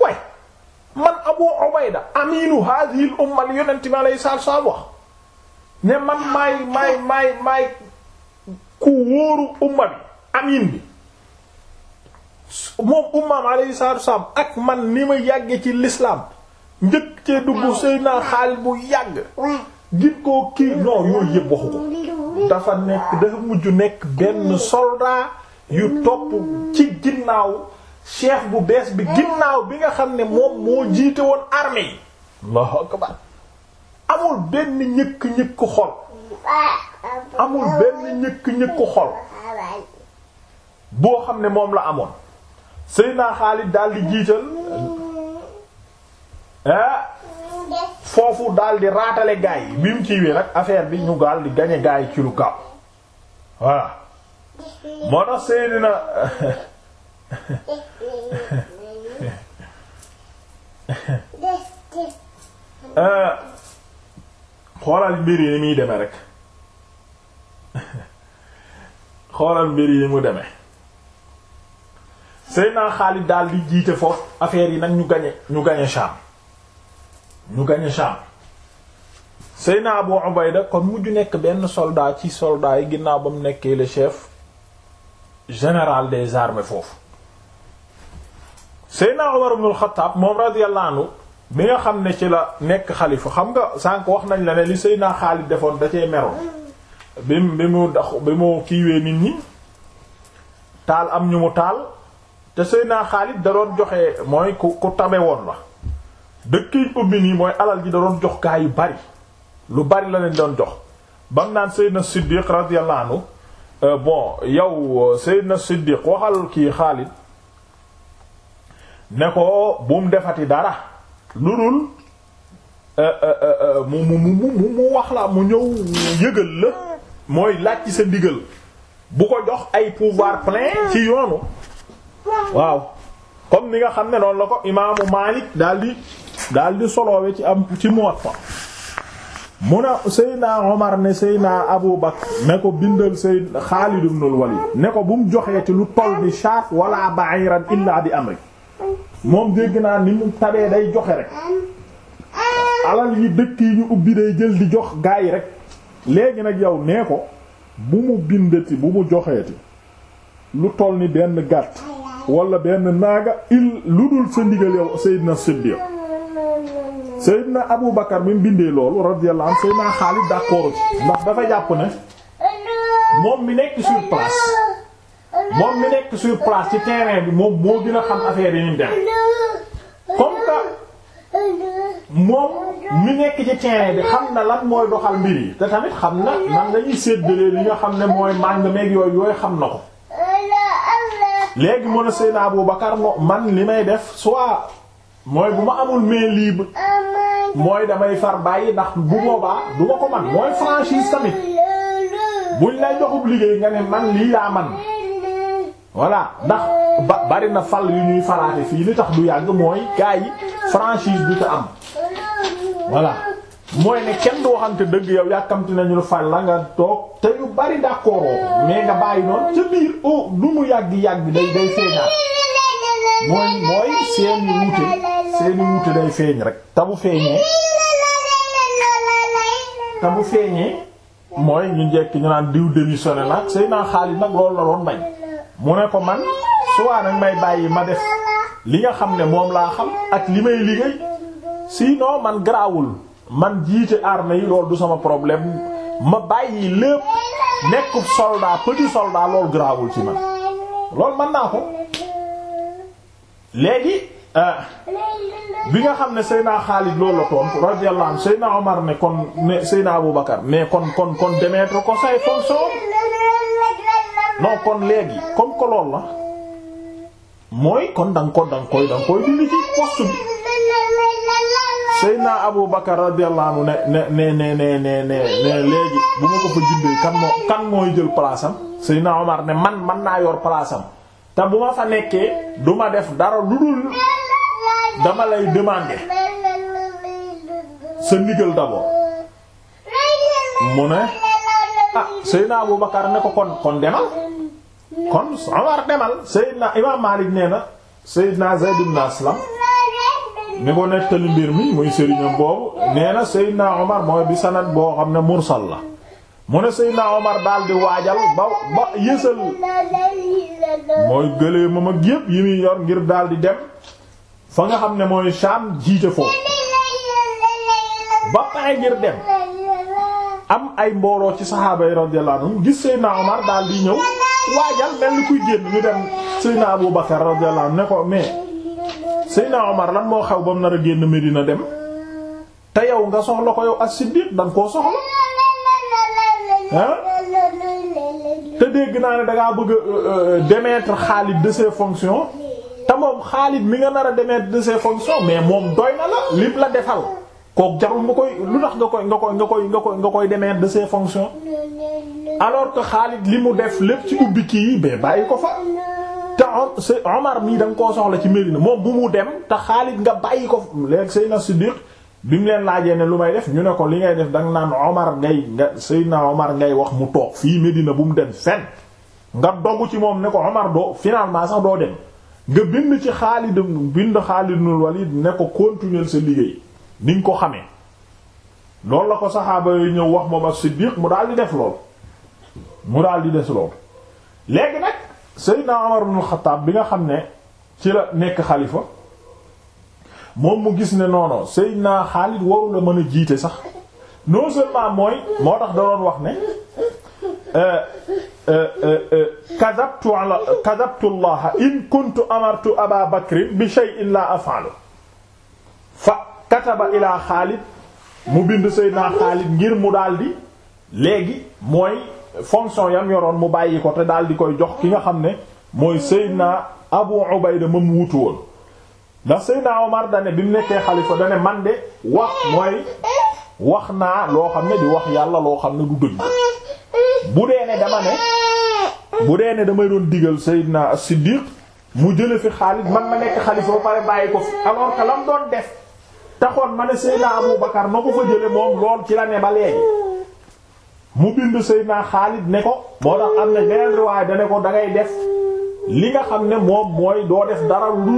way man Abu Ubayda aminu hadhihi al-umma li yonent bi alayhi salaatu wax ne man maay maay maay ku wóoru umma bi amin bi moom ummaam alayhi salaatu ak man ni ma yàgge ci lislaam njëkk cee dugg Seydina Xaalid bu yàgg gin koo kii non yooyu yëpp waxu ko dafa nekk dafa mujj nekk benn mm. soldat yu mm. topp ci ginnaaw chef bu bees bi mm. ginnaaw bi nga xam ne moom moo jiite woon armée amul benn ñëkk-ñëkk xol amul benn ñëkk-ñëkk xol boo xam ne moom la amoon Seydina Xaalid daal di jiital eh? foofu daldi raatale gaa yi bi mu kiiwee nag affaire bi ñu gaal di gañe gaa yi ci lu gaaw voilà moo tax Seydina eh, xoolal mbir yi ni muy demee rek xoolal mbir yi mu demee. naa Xaalid daal di jiite foofu affaire yi nag ñu gañe ñu gañe Sham ñu gañe Sham naa Abu Ubayda kon mujj nekk benn soldat ci soldat yi ginnaaw ba mu nekkee le chef général des armées foofu Seydina Umar ibn al-Khattab moom radiyallahu bi nga xam ne ci la nekk xalifa xam nga sànq wax nañ la ne li Seydina Xaalid defoon da cee meroon bi bi mu dax bi mu kiiwee nit ñi taal am ñu mu taal te Seydina Xaalid da doon joxe mooy ku ku tabe woon la dëkk yi ubbi nii mooy alal ji da doon jox gaa yu bari lu bari la leen doon jox bam naan Seydina Siddiq radiyallahu anhu euh, bon yow euh, Seydina Siddiq waxal kii Xaalid ne ko bu defati dara lu dul euh, mu mu mu mu wax la mu ñëw yëgal la mooy laaj ci sa ndigal bu ko jox ay pouvoir plein ci yoonu waaw comme ni nga xam ne lool la ko imaamu Maalik daal di daal ci am ci Muwatta mu ne Seydina Omar ne Seydina Abu Bakr ne ko bindal Seydina Xaalid ibn al-Walid ne ko bu mu joxeeti lu toll bi shaat wala ba'iran illaa bi amri moom dégg naa ni mu tabee day joxe rek alal yi dëkk yi ñu ubbi day jël di jox gaa yi rek léegi nag yow nee ko bu mu bindati bu mu joxeeti lu toll ni benn gàtt wala benn naaga il lu dul sa ndigal yow Seydina Siddiq Seydina Abu Bakar bi mu bindee loolu radiyallahu anhu Seydina Xaalid d'accord ci ndax dafa jàpp ne moom mi nekk sur place moom mi nekk sur place ci terrain bi moom moo gën a xam affaire yi ñu dem comme que moom mi nekk ci terrain bi xam na lan mooy doxal mbir yi te tamit xam na nan lañuy séddalee li nga xam ne mooy màng meeg yooyu yooyu xam na ko léegi mën a Seydina Abu Bakar no man li may def soit mooy bu ma amul main libre mooy damay far bàyyi ndax bu boobaa du ma ko man mooy franchise tamit buñ lay joxub liggéey nga ne man lii laa man voilà ndax ba bari na fal yu ñuy falaate fii li tax du yàgg mooy gars yi franchise du ta am voilà mooy ne kenn du waxante dëgg yow yàkkamti nañu lu fal la nga toog te yu bari d'accord mais nga bàyyi noonu ca biir oh lu mu yàgg yàgg day day feeñaat mooy mooy seeni wuute seeni wuute day feeñ rek te bu feeñee te bu feeñee mooy ñu njekk ñu naan diw démissionné nag sëy naa Xaalid nag loolu la doon bañ mu ne ko man suwaa nag may bàyyi ma def li nga xam ne moom laa xam ak li may liggéey sinon man garaawul man jiite armée yi lool du sama problème ma bàyyi lépp nekk soldat petit soldat loolu garaawul ci man loolu mën naa ko léegi euh, bi nga xam ne Seyna Xaalid loolu la tontu radiyallahu anhu Seyna Omar ne kon ne Seyna Abu Bakar mais kon kon kon démettre ko say fonction non kon léegi comme que loolu la mooy kon da nga ko da koy dindi ci poste bi Seydina Abu Bakar radiyallahu anhu ne ne ne ne ne léegi bu ma ko fa jundee kan moo kan mooy jël place am Seydina Omar ne man man naa yor palaasam te bu ma fa nekkee du ma def dara lu dul dama lay demander sa ndigal d'abord mu ne ah Seydina Abu Bakar ne ko kon kon demal kon Omar demal Seydina Imaam Maalik nee na Seydina Zayd ibn Aslam mi ko nettali mbir mi muy sëriñam boobu nee na Seydina Omar mooy bi sanad boo xam ne mursal la mu ne Seydina Omar daal waajal ba yësal mooy gëlee moom ak yépp yi muy yor ngir daal di dem fa nga xam ne mooy Sham jiite foofu ba pare ngir dem am ay mbooloo ci saxaaba yi radiyallahu anhum gis Seydina Omar daal ñëw waajal mel ni kuy génn ñu dem Seydina Abu Bakar ne ko mais. Seydina Omar lan moo xew ba mu nar a génn Medina dem te yow nga soxla ko yow as-Siddiq da koo soxla ah te dégg naa ne da ngaa bëgg a euh, euh, démettre Xaalid de ses fonctions te moom Xaalid mi nga nar a démettre de ses mais moom doy na la lim la defal kook jarul nga koy lu tax nga koy nga koy nga koy nga koy nga koy démettre de ses fonctions alors que Xaalid li mu def lépp ci ubbi kii yi bàyyi ko fa. Omar mii da nga koo soxla ci Medina moom bu mu dem te xaalit nga bàyyi ko léegi Seydina Siddiq bi mu leen laajee ne lu may def ñu ne ko li ngay def danga naan Omar ngay nga Seydina Omar ngay wax mu toog fii Medina bu mu dem fenn nga dogg ci moom ne ko Omar doo finalement sax doo dem nga bind ci Xaalid bind Xaalid ibn Walid ne ko continuer sa liggéey ni nga ko xamee loolu la ko saxaaba yooyu ñëw wax moom ak Siddiq mu daal di def lool mu daal di des lool Seydina Umar ibn Xattaab bi nga xam ne ci la nekk xalifa moom mu gis ne noono Seydina Xaalid waru mën a jiite sax non seulement mooy moo tax da wax ne euh, euh, euh, kadabtu ala kadabtu Allah in kuntu amartu Aba Bakrin bi shay'in la af'alu fa kataba ila Xaalid mu bind Seydina Xaalid ngir mu daldi léegi mooy fonction yam yoroon mu bàyyi ko te daal di koy jox ki nga xam ne mooy Seydina Abu Ubayda ma mu wutu woon ndax Seydina Omar dane bi mu nekkee xalifa dane man de wax mooy wax naa loo xam ne di wax yàlla loo xam ne du dëgg bu dee ne dama ne bu dee ne damay doon digal Seydina Siddiq mu jële fi Xaalid man ma nekk xalifa bu pare bàyyi ko fi alors que lam doon def taxoon ma ne Seydina Abu Bakar na ko fa jële moom lool ci la ne ba léegi mu bind Seydina Xaalid ne ko moo tax am na beneen riwaay da ne ko da def li nga xam ne moom mooy doo def dara lu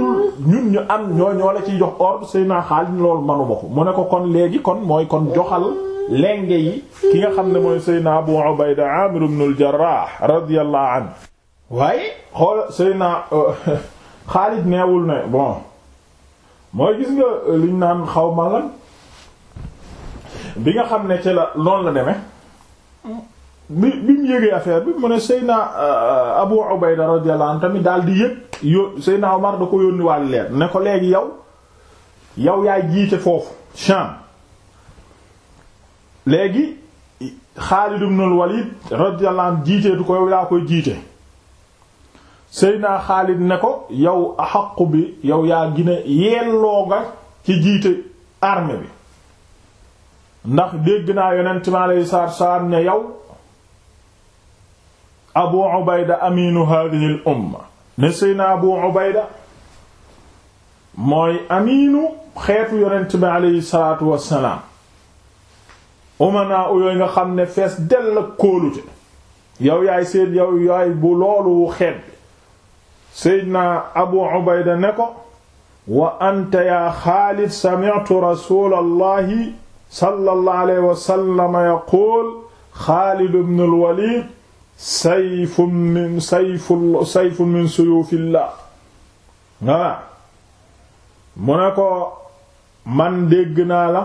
ñun ñu am ñoo ñoo la ciy jox ordre Seydina Xaalid loolu manu ma ko mu ne ko kon léegi kon mooy kon joxal lenge yi ki nga xam ne mooy Seydina Abu Ubayda Amir ibn al-Jarrah radiyallahu waaye xool Seydina euh, Xaalid neewul ne bon mooy gis nga liñ naan xaw ma bi nga xam ne ci la noonu la demee bi bi mu yëgee affaire bi mu ne Seyna euh, Abu Ubayda radiyallahu tamit daal di yëg yo Seyna Omar da ko yónni wàll leer ne ko léegi yow yow yaay jiite foofu Sham léegi Xaalid ibn al-Walid radiyallahu anhu jiiteetu ko yow yaa koy jiite Seyna Xaalid ne ko yow axaqu bi yow yaa gine yelloo nga ci jiite armée bi ndax dégg naa yonent mi alayhi salaatu salaam ne yow abu ubayda aminu hadhihi al ne seyna abu ubayda mooy aminu xeetu yonent bi alayhi salaatu wassalaam umana u yooyu nga xam ne fees dell ak kóolute yow yaay seet yow yaay bu loolu xeet bi seydna abu ubayda ne ko wa anta yaa xaalid sami'tu rasulallahi sallallahu alayhi wa sallam yaquul Xaalid ibn al-Waliid min sayfun sayfun min suyuufillah voilà mu ko man dégg naa la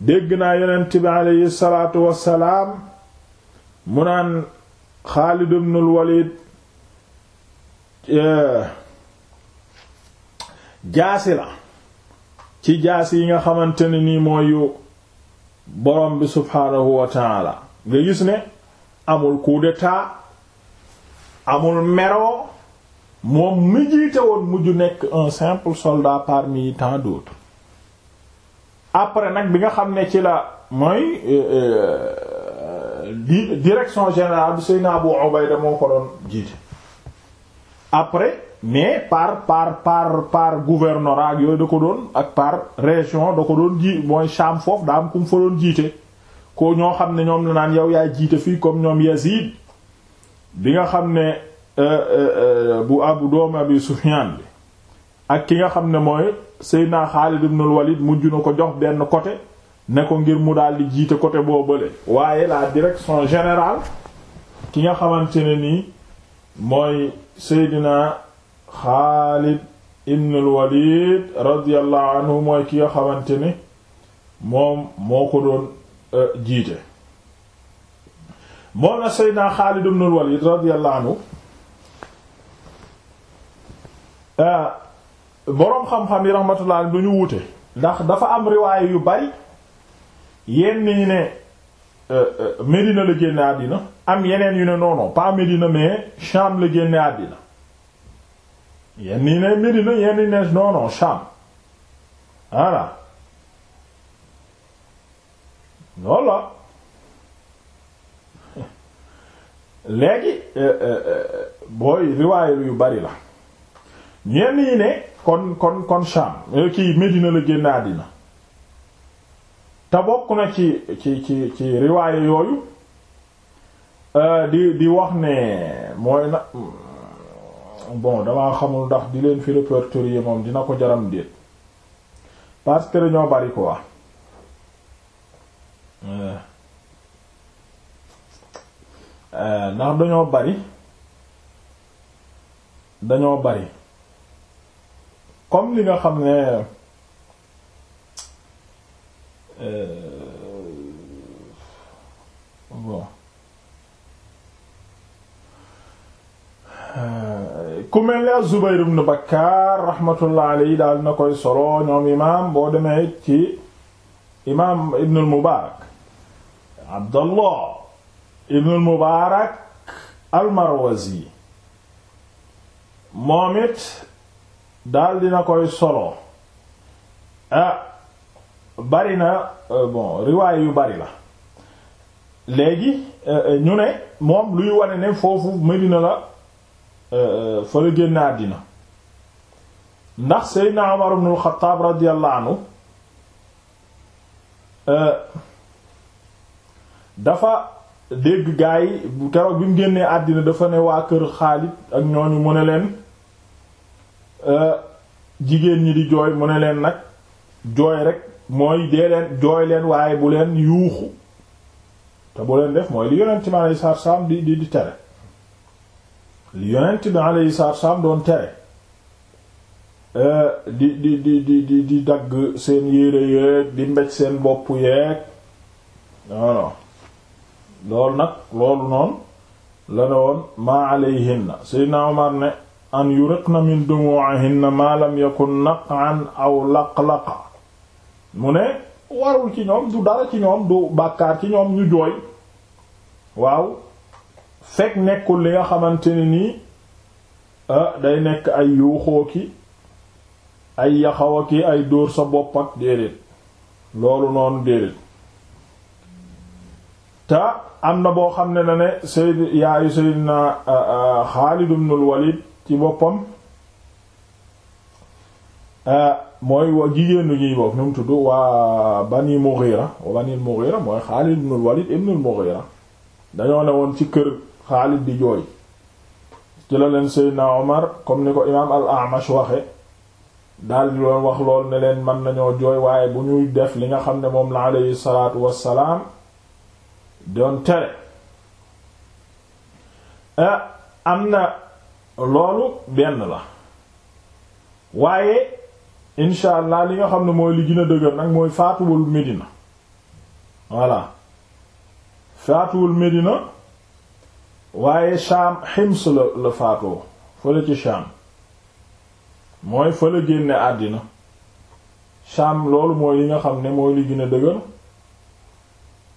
dégg naa yonent bi alayhi salaatu wassalaam mu naan Xaalid ibn al-Waliid eh, ci jaas yi nga xamante ne nii mooy yu borom bi subhaanahu wa taala nga gis ne amul coup d'état amul meroo moom mi jiite woon mujj nekk un simple mi parmi tant d'autres après nag bi nga xam ne ci la mooy euh, euh, direction générale bi Seydina Abu Ubayda moo ko doon jiite après mais par par par par gouvernorat ak yooyu da ko doon ak par région da ko doon ji mooy Sham foofu daa am ku fa doon jiite ko ñoo xam ne ñoom la naan yow yaay jiite fii comme ñoom Yazid bi nga xam ne euh, euh, euh, bu abu dooma abi Sufyan bi ak ki nga xam ne mooy Seydina Xaalid ibn al-Walid mujju na ko jox benn côté ne ko ngir mu daal di jiite côté boo bële waaye la direction général ki nga xamante ne nii mooy Seydina Xaalid ibn al-Walid radiyallahu anhu mooy ki nga xamante ni moom moo ko doon euh, jiite moom na Seydina Xaalid ibn al-Walid radiyallahu anhu euh, boroom xam-xam yi rahmatullah du ñu wuute ndax dafa am riwaay yu bari yenn ñi ne euh, Médina la génne àddina am yeneen yu ne non non pas Médina Sham la génne àddina yenn yi ne Médina yenn yi ne non non Sham loolu la léegi euh, euh, euh, booy riwaayu yu bari la ñenn yi ne kon kon kon Sham ci Médina la génn àddina te bokk na ci ci ci ci riwaayu yooyu di di wax ne mooy na bon damaa xamul ndax di leen fi répertorier moom dina ko jaram déet parce que dañoo bari ko wax euh. euh, ndax dañoo bari dañoo bari comme li nga xam ne euh, bon ku mel ni az-Zubayr ibn Bakkar rahmatullah alayhi daal na koy solo ñoom imaam boo demee ci imaam Ibn al-Mubarak Abdallah Ibn al-Mubarak al-Marwazi moom it daal dina koy solo ah, bari na euh, riwaay yu bari la léegi euh, ñu ne moom luy wane ne foofu Medina la fa la génn àddina ndax seydna Umar ibn al-Khattab radiyallahu anhu euh, dafa dégg gaay bu keroog bi mu génnee àddina dafa ne waa kër Xaalid ak ñooñu mu ne leen euh, jigéen ñi di jooy mu ne leen nag jooy rek mooy dee leen jooy leen waaye bu leen yuuxu te bu leen def mooy li yonent mi alayhi salaam di di di tere li yonent bi alayhi salaatu salaam doon tere eh, di di di di dagg seen yére yeeg di mbéj seen bopp yeeg non loolu nag loolu noonu la ne woon maa alayhinna Seydina Omar ne an yuriqna min dumu'ihinna ma lam yakun naq'an aw laqlaqa mu ne warul ci ñoom du dara ci ñoom du bàkkaar ci ñoom ñu jooy waaw fekk nekkul li nga xamante ne nii ah, day nekk ay yuuxoo ki ay yaxaw ki ay dóor sa bopp ak loolu noonu déedéet te am na boo xam ne na ne sayd yaayu sayyidina ah, ah, Xaalid ibn walid ci boppam mooy wa jigéenu ñuy boof nu mu tudd waa Bani Mughira wa Bani Mughira mooy Xaalid ibn al-Walid ibn mughira dañoo ne woon ci kër Xaalid di jooy ci la leen Seydina Omar comme ni ko imaam al-Amash waxe daal di loon wax lool ne leen mën nañoo jooy waaye bu ñuy def li nga xam ne moom la aleyhi salaatu wassalaam doon tere eh, am na loolu benn la waaye incha li nga xam ne mooy li gën dëgër nag mooy faatuwul Medina voilà faatuwul Medina waaye Sham Hims la la faatoo fële ci Sham mooy fële génne àddina Sham loolu mooy yi nga xam ne mooy li gën a dëgër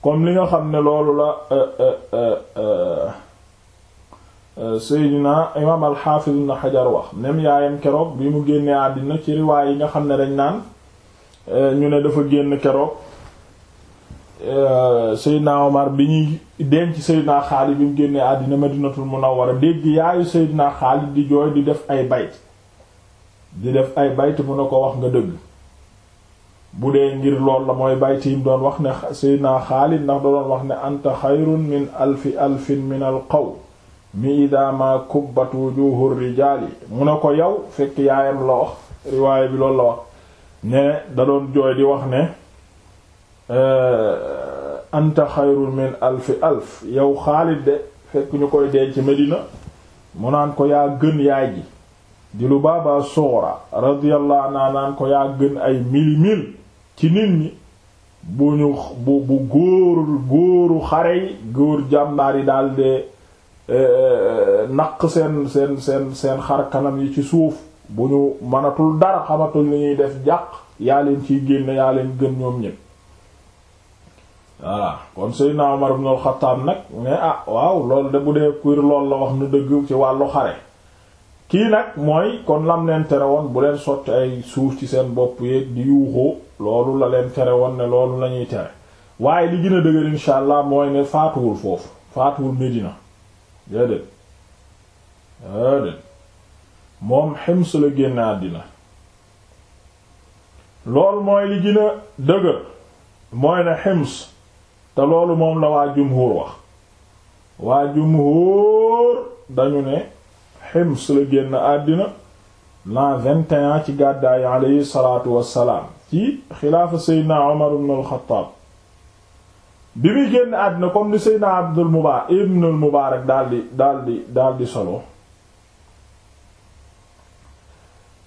comme li nga xam ne loolu la euh, euh, euh, Seydina imaam al-Hafiz Ibn Hajar wax nem yaayam keroog bi mu génnee àddina ci riwaay yi nga xam ne dañ naan ñu ne dafa génn keroog Euh, Seydina Omar bi ñuy denc Seydina Xaalid bi mu génnee àddina Madinatul Munawwara dégg yaayu Seydina Xaalid di jooy di def ay bayt di def ay bayt mu ne ko wax nga dëgg bu dee ngir lool la mooy bayt yi doon wax ne naa Xaalid ndax doon wax ne anta xayrun min alfi alfin min al mi ida ma kubbat wujuhur rijaali mu ne ko yaw fekk yaayam la wax riwaaya bi loolu la wax ne da doon jooy di wax ne Euh, anta xayrun min alfi alf yow Xaalid de fekk ñu koy ci Medina mu naan ko yaa gën yaay ji di lu baaba sughra radiyallahu anha naan ko yaa gën ay mili mil ci nit ñi bu ñu bu góor góoru xare yi góor jàmbaar yi daal de euh, naq seen seen seen seen xar kanam yi ci suuf bu ñu mënatul dara xamatul li ñuy def jàq yaa leen ciy génn yaa leen gën ñoom ñépp voilà kon Seydina Umar ibn al-Khattab nag ne ah waaw loolu de bu dee kuir lool la wax nu dëgg ci wàllu xare kii nag mooy kon lam leen tere woon bu leen sotti ay suuf ci seen bopp yeeg di yuuxoo loolu la leen tere woon ne loolu la ñuy tere waaye li gën a dëgër insha allah mooy ne faatuwul foofu faatuwul Medina déedéet déedéet moom Hims la génn àddina loolu mooy li gën dëgër mooy ne Hims te loolu moom la waa jumhuur wax waa jumhuur dañu ne Hims la génn àddina l'an 21 ci gàddaayi aleyhi salaatu wassalaam ci xilaafa seydna Umar ibn al-Khattab bi muy génn àddina comme ni seydna Abdul Mubaarak ibn al-Mubaarak daldi daldi daldi solo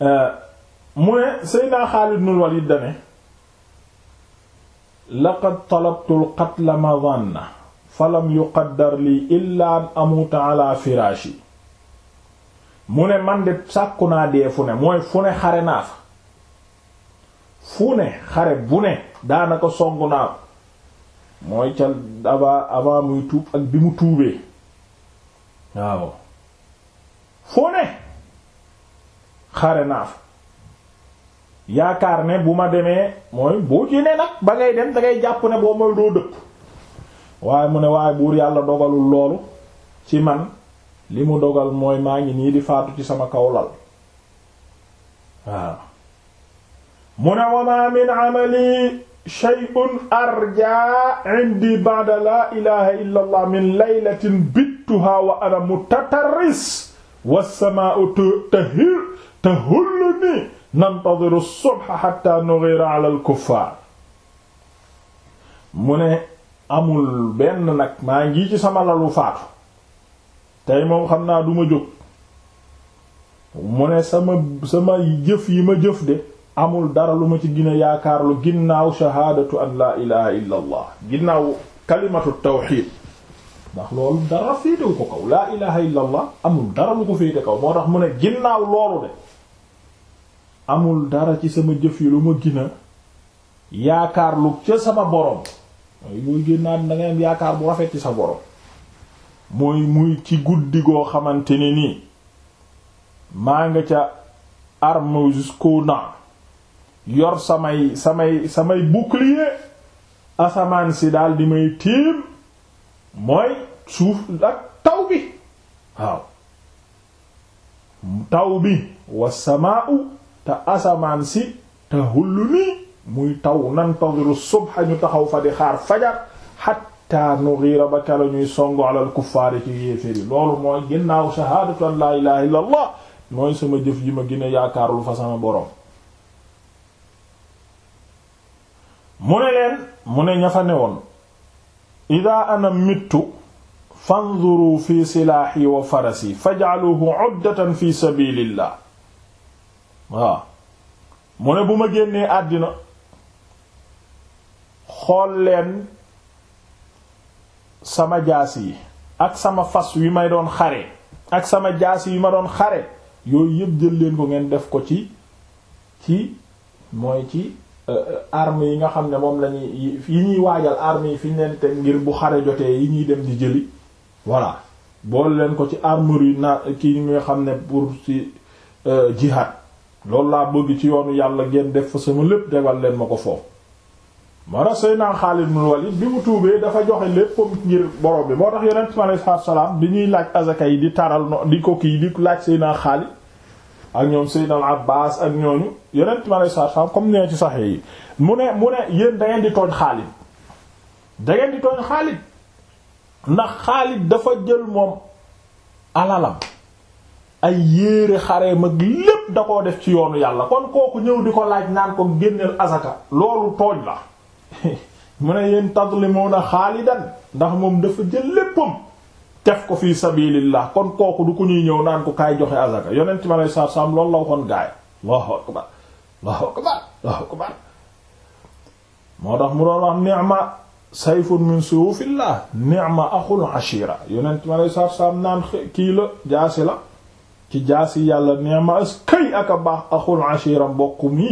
euh, mu ne seydna Xaalid ibn al-Walid dane laqad talabtul qatla madanna falam yuqaddar lii illa an amuta ala firaashi mu ne man de sàkku dee fu mooy fu xare naa fa xare bu daanako daanaka songu mooy ca avant avant tuub ak bi mu tuubee waaw xare naa yaakaar ne bu ma demee mooy boo ci ne nag ba ngay dem da jàpp ne boo mooy doo dëpp waaye mu ne waaye buur yàlla dogalul loolu ci man li mu dogal mooy maa ngi nii di faatu ci sama kaw lal waaw mu ne wa min amali shay'un arja indi ba'da la ilaha illa allah min laylatin bittuha wa ana mutatarris was samaa'u tahir tahulluni nantadiru subha hatta nughira ala al kuffar mu ne amul benn nag maa ngi ci sama lalu faatu tey moom xam naa du ma jóg mu ne sama sama jëf yi ma jëf de amul dara lu ma ci gën yaakaar lu ginnaaw shahaadatu an laa ilaha illa allah ginnaaw kalimatu tawxid ndax loolu dara féetewu ko kaw laa ilaha illa allah amul dara lu ko féete kaw moo tax mu ne ginnaaw loolu de amul dara ci sama jëf yi lu ma gina yaakaar lu ca sama borom mooy yaakaar bu rafet ci sa borom mooy muy ci guddi goo xamante ne nii maa nga ca arme jusqu'aux dents yor samay samay samay bouclier asamaan si daal di may tiim mooy suuf ak taw bi waaw taw bi wa te asamaan si te hullu nii muy taw nantaziru subha ñu taxaw fa di xaar fajar hatta nughira ba kala ñuy songu alal kuffaari ci yéeféer yi loolu mooy ginnaaw shahaadatu an laa ilaha illa allah mooy sama jëf ji ma gën a yaakaarul fa sama boroom mu ne leen mu ne ña fa ne woon ida ana mittu fanzuru fi silaahi wa farasi faj'aluhu 'uddatan fi sabilillah waaw mu ne bu ma génnee àddina xool leen sama jaas yi ak sama fas wi may doon xare ak sama jaas yi ma doon xare yooyu yëpp jël leen ko ngeen def ko ci ci mooy ci euh, euh, arme yi nga xam ne moom lañuy yi ñuy waajal armes yi fi ñu leen teg ngir bu xare jotee yi ñuy dem di jëli voilà boole leen ko ci armure yi na ki nga xam ne pour ci euh, jihad loolu laa bëgg ci yoonu yàlla ngeen def fa sama lépp degal leen ma ko foofu mara Seydina Xaalid ibn Walid bi mu tuubee dafa joxe léppam ngir borom bi moo tax yonent mi alayhi salaam bi ñuy laaj azaka yi di taral no di ko kii di laaj Seydina Xaalid ak ñoom Seydina Abbaas ak ñooñu yonent mi alayhi salaam comme nee ci saxe yi mu ne mu ne yéen da di tooñ Xaalid da ngeen di tooñ Xaalid ndax Xaalid dafa jël moom alalam ay yéere xareem mag lépp da koo def ci yoonu yàlla kon kooku ñëw di ko laaj naan ko génneel asaka loolu tooñ la mu ne yéen tadlimuna xaalidan ndax moom dafa jël léppam def ko fi sabilillah kon kooku du ku ñuy ñëw naan ko kaay joxe asaka yonent ma lay saar saam la waxoon gaay moo tax mu doon wax ni'ma sayfun min suyufillah ni'ma axul ashira yonent ma lay saar naan kii jaasi la ci jaasi yàlla neema as këy ak baax axul ashira mbokk mi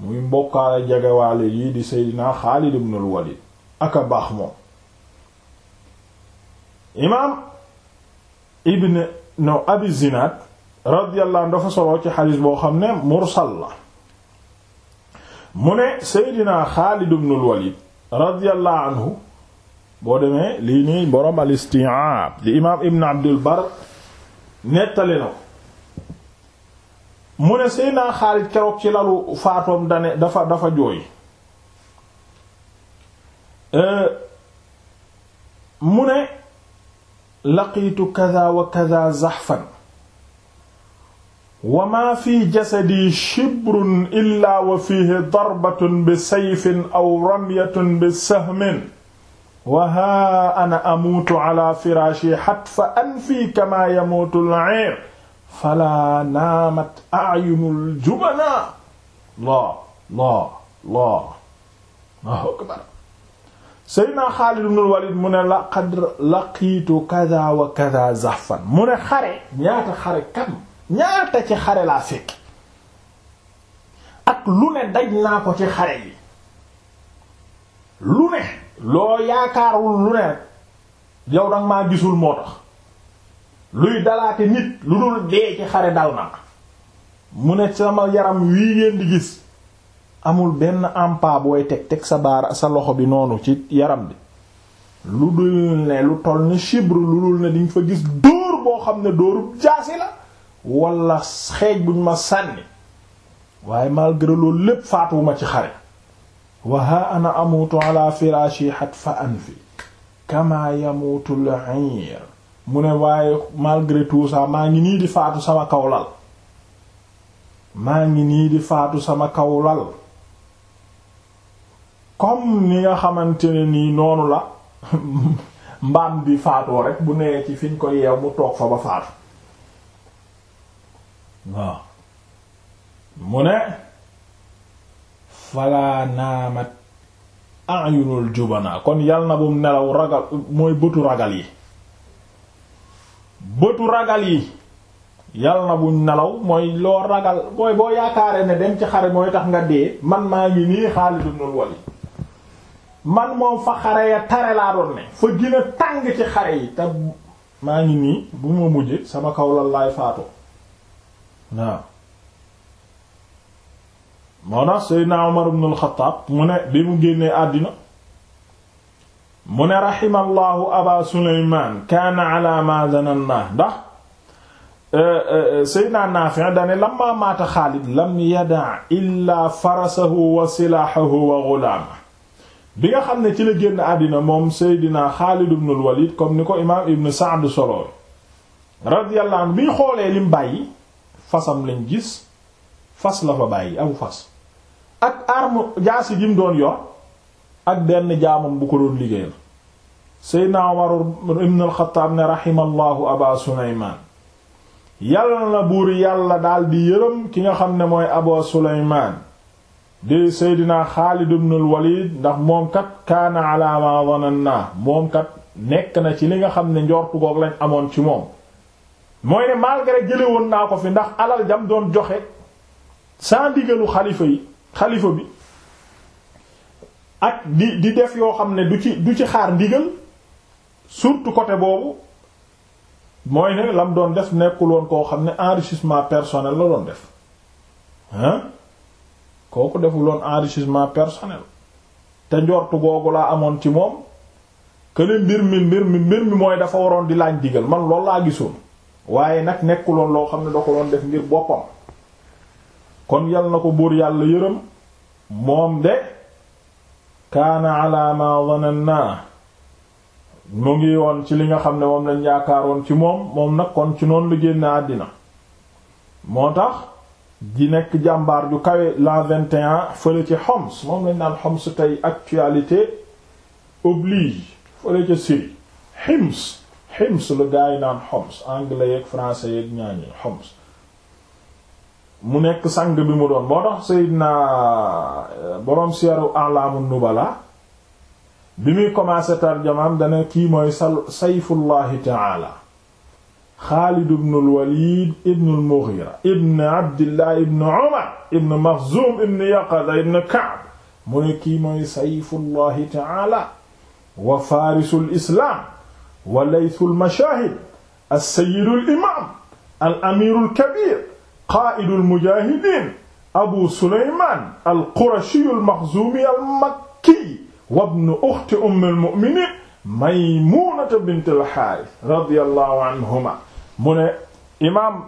muy mbokkaale jegewaale yi di seydinaa Xaalid ibnul Walid ak baax moom imaam ibn no abi zinaad radiyallahu dafa soloo ci xadiis boo xam ne mursal la mu ne seydinaa Xaalid ibnul Walid radiyallahu boo demee lii nii boroom al isti'aab di imaam ibn abdul bar nettali na ko mu ne sëy ci lalu faatoom dane dafa dafa jooy euh, mune ne laqiitu kaza wa kaza fi jasadi shibrun illa wa fiihi darbatun bi sayfin aw ramyatun bi sahmin wa haa ana amuutu ala firaashi hatfa anfi kama yamuutu al-ayr fala naamat a'yunul jubanaa la la la Allahu akbar Seydina Xaalid ibn Walid mu ne laqad laqiitu kaza wa kaza zahfan mu ne xare ñaata xare kam ñaata ci xare laa fekk ak lu ne daj naa ko ci xare yi lu ne loo yaakaarul lu ne rek yow nag maa gisul moo tax luy dalaate nit lu dul dee ci xare dal na mu ne sama yaram wii ngeen di gis amul benn ampa booy teg teg sa baara sa loxo bi noonu ci yaram bi lu dul ne lu toll ni chibre lu dul ne diñ fa gis dóor boo xam ne dóorub jaasi la walla xeej buñ ma sànni waaye malgré loolu lépp faatuwuma ci xare wa haa ana amuutu ala firaashi hatfa anfi kama yamuutul ayr mu ne waaye malgré tout ça maa ngi nii di faatu sama kaw lal maa ngi nii di faatu sama kaw lal comme ni nga xamante ne nii noonu la mbaam bi faatoo rek bu newee ci fiñ ko yeew mu toog fa ba faatu waaw mu ne falaa naamat a'yunul jubanaa kon yal na bum nelaw ragal mooy bëtu ragal yi bëtu ragal yi yal na buñ nelaw mooy loo ragal mooy boo yaakaare ne dem ci xare mooy tax nga dee man maa ngi nii Xaalid ibnul Waliid man moom fa xare ya tare laa doon ne fa gën tàng ci xare yi te maa ngi nii bu ma mujje sama kaw la laay faatoo waaw moo tax Seydina Umar ibn al-Khattab mu ne bi mu génnee àddina mu ne raximallahu aba Suleymaan kaana ala ma zananna ndax euh, euh, euh, Seydina Naafi' dane lamma maata Xaalid lam yada illa farasahu wa silaahahu wa ghulaamahu bi nga xam ne ci la génn àddina moom Seydina Xaalid ibn al-Walid comme ni ko imaam Ibn Sa'd solool radiyallahu anhu bi ñu xoolee lim bàyyi fasam lañ gis fas la fa bàyyi aw fas ak arme jaasi doon yor ak benn jaamam bu ko doon liggéeyal seydna Umar ibn al ne raximallahu aba Sulaymaan yàlla na buur yàlla daldi yërëm ki nga xam ne mooy aba Sulaymaan di seydna Xaalid ibn al ndax moomkat kat kaana ala ma zananna moom nekk na ci li nga xam ne njortu goog lañ amoon ci moom mooy ne malgré jële naa ko fi ndax alal jam doon joxe sans digalu xalifa yi xalifa bi ak di di def yoo xam ne du ci du ci xaar ndigal surtout côté boobu mooy ne lam doon def nekkul woon koo xam ne enrichissement personnel la doon def hein kooku deful woon enrichissement personnel te njortu googu laa amoon ci moom kële mbir mi mbir mi mbir mi mooy dafa waroon di laaj ndigal man loolu laa gisoon waaye nag nekkul woon loo xam ne da ko doon def ngir boppam kon yal na ko buur yàlla yërëm moom de kaana ala ma zananna mu ngi woon ci li nga xam ne moom lañ yaakaaroon ci moom moom nag kon ci noonu la génne àddina moo tax di nekk jàmbaar ju kawe l'an 21 fële ci Homs moom lañ naan Homs tey actualité oblige fële ca Syrie Hims Hims la gaa yi naan Homs anglais yeeg français yeeg ñaañu Homs mu nekk sang bi mu doon moo tax Seydina eh, borom Siyar A'lamun Nubala bi muy commencé tarjamaam dana kii mooy sayfullahi ta'ala Xaalid ibn al-Walid ibn al-Mughira ibn Abdillah ibn Umar ibn Makhzum ibn Yaqaza ibn Ka'b mu ne kii mooy sayfullahi ta'ala wa farisul islam wa laythul mashahid as-sayyidul imam al amirul kabir qaa'idul mujaahidiin abu suleymaan alqurashiyul maxzuumi almakki wabnu uxti ummil mu'miniin maymuunata bintul xaaris radiyallahu anhuma mu ne imaam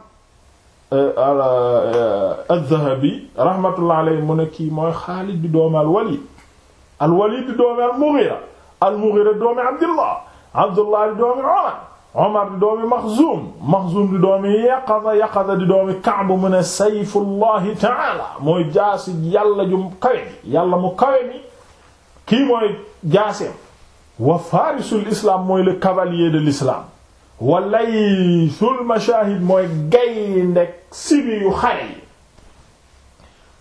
eh, eh, az-zahabi rahmatullahi alayhi mu ne kii mooy xaalid di doomi alwaliid alwaliid di doomi almughira almughira doomi abdullah abdullah di doomi umar Omar di doomi Maxzum Maxzum di doomi Yaqaza Yaqaza di doomi Ka'b mu ne sayfullahi ta'ala mooy jaasi yàlla ju kawe mi yàlla mu kawe mi kii mooy jaaseem wa farisul islam mooy le cavalier de l'islam wa laysul mashahid mooy gaynde sibi yu xare yi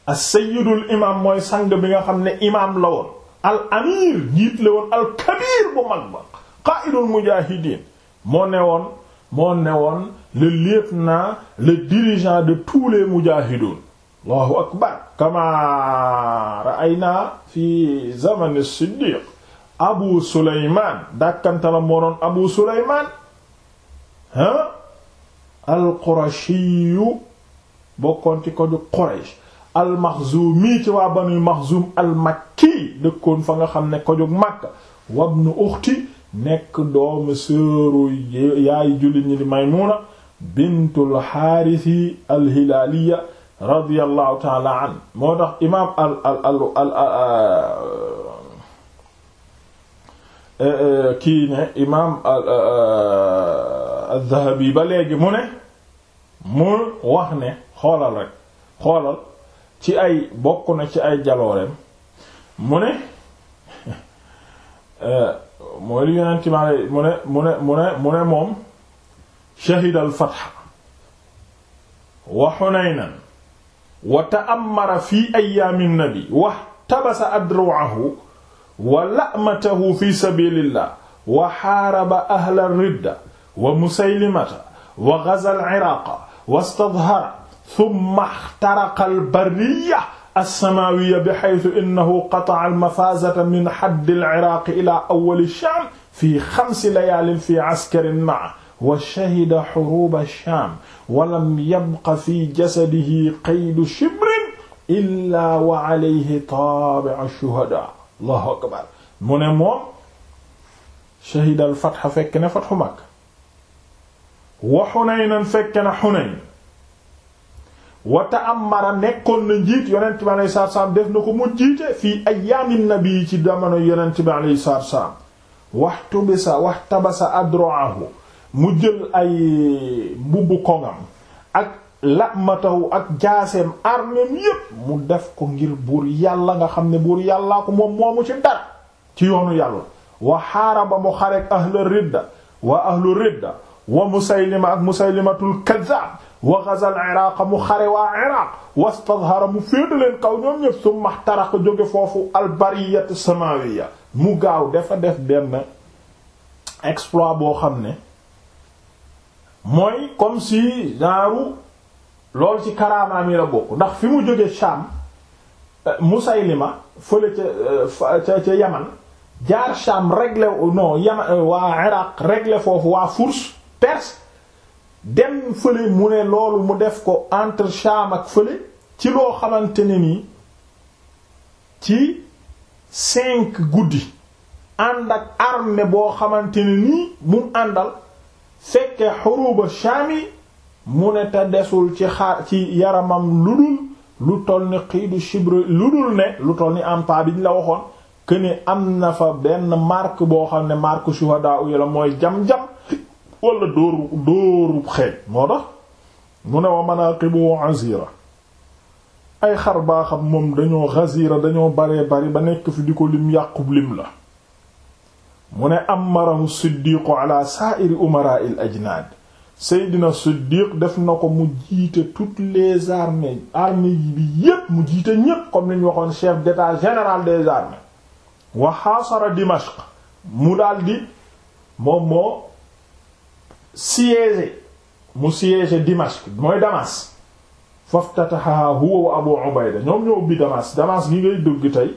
as-sayyidul imam mooy sang bi nga xam ne imam la woon al amir jiit la woon al kabir bu mag ba qa'idul mujahidin moo newoon moo newoon le lieutenant le dirigeant de tous les mujaahidoon allahu akbar kama ra'ayna fi zaman as-siddiq abu suleyman dàkkantalam moo doon abu suleyman ah al-qurashiyu bokkoon ci ko ju quraysh al-maxzumi ci waa banuy maxzum al-makki dëkkoon fa nga xam ne ko ju makka wabnu uxti nekk doom sëru yaay jullit ñi di Maymuna bintul Xaarisi al-Hilaaliya radiyallahu taala an moo tax imaam al al al al euh, euh, kii ne imaam euh, az-Zahabi ba léegi mu ne mu wax ne xoolal rek xoolal ci ay bokk na ci ay jalooreem mu ne. mooy li yonent mi mu ne mu ne mu ne mu ne moom shahida al fatha wa hunaynan wa ta'ammara fi ayyaami nabi wa tabasa adru'ahu wa la'matahu fi sabilillah wa xaaraba ahla ridda wa musaylimata wa gaza al iraqa wa istadhara thumma ikhtaraqa al barriya as-samawiyya bi haythu innahu qata'a al-mafazata min hadd al-iraq ila awwal ash-sham fi khams layal fi askar ma'a wa shahida hurub ash-sham wa lam yabqa fi jasadihi qaydu shibrin illa wa alayhi tabi' ash-shuhada allahu akbar mu ne moom shahida al-fath fekk na fathu Makka wa Hunaynan fekk na Hunayn wata amara nekkoon na njiit yonent bi alayhi salaatu salaam def na ko mu jiite fii ayyaamin nabi ci jamono yonent bi alayhi salaatu salaam waxtu bi sa waxta ba sa adroahu mu jël ay mbubbu kongam ak lamatahu ak jaaseem armeem yépp mu def ko ngir buur yàlla nga xam ne buur yàllaa ko moom moomu ci dara ci yoonu yàlla wa xaaraba mu xarek ahla ridda wa ahlu ridda wa musaylima ak musaylimatul kazzab wa ghaza al mu xare waa Iraq wastadhara mu féete kaw ñoom ñëpp su maxtara jóge foofu al-bariyatu samawiya mu gaaw dafa def benn exploit boo xam ne mooy comme si genre loolu ci karaamaam yi la bokk ndax fi mu jóge Sham euh, Musaylima fële ca euh, ca ca Yaman jaar Sham réglé non Yaman euh, waa Iraq réglé foofu waa force perse dem fële mu ne loolu mu def ko entre Sham ak fële ci loo xamante ne nii ci cinq guddi ànd ak armée boo xamante ni nii mu àndal fekke xuruba Sham yi mu ne te desul ci xar ci yaramam lu dul lu toll ni xiidu chibre lu dul ne lu toll ni ampa biñ la waxoon que ne am na fa benn mark boo xam ne mark shuhada u mooy jam-jam wala dóor dóoru xeej moo tax mu ne wa manaqibu azira ay xar baaxam moom dañoo xazira dañoo baree bari ba nekk fi di ko lim yàqub lim la mu ne amarahu siddiqu ala sa'iri umara'il ajnad seydina siddiq def na ko mu jiite toutes les armées armées yi bi yépp mu jiite ñépp comme ni ñu waxoon chef d'état général des armées wa xaasara dimashq mu daldi moom moo siège mu siège Dimashq mooy Damas faftataha huwa wa Abu Ubayda ñoom ñoo ubbi Damas Damas gi ngay dugg tey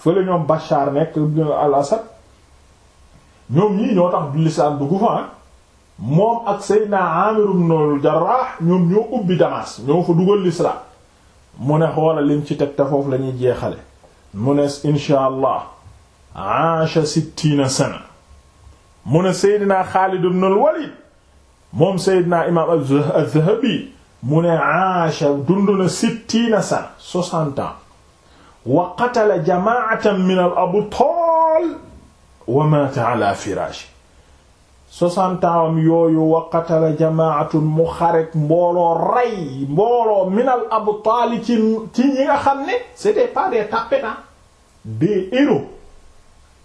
fële ñoom Bachar nekk euh, al Asad ñoom ñii ñoo tax du lisaan fa ah. moom ak Seydina Amir ibn al-Jarrah ñoom ñoo ubbi Damas ñoo fa dugal lislaam mu ne xoola ci teg te foofu la ñuy jeexale mu ne insha allah aasha sittina sana mu ne Seydina Xaalid ibn al-Walid moom Seydina imaam az-Zahabi mu ne aasha dund na sittiina sana soixante ans wa qatala jamaatan min al-abtaal wa maata ala firaashi soixante ans am yooyu wa qatala jamaatun mu xarek mbooloo rey mbooloo min al abtaal ci ci ñi nga xam ne c'était pas des tappetans des héros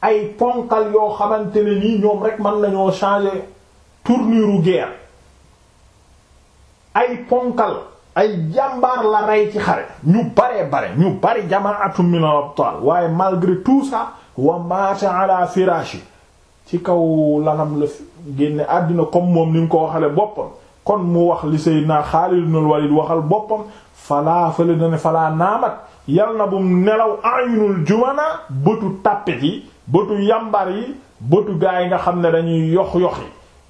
ay ponkal yoo xamante ne nii ñoom rek mën nañoo changer tournure guerre ay ponkal ay jàmbaar la rey ci xare ñu baree bare ñu bari jamaatu min al-abtaal waaye malgré tout ça wa maata ala firaashi ci kaw lanam la génne àddina comme moom ni mu ko waxale boppam kon mu wax li Seydina Xaalid ibn Walid waxal boppam falaa fële na ne falaa naamat yal na bum nelaw ayunul jumana bëtu tàppet yi bëtu yambar yi bëtu gaa yi nga xam ne dañuy yox yoxi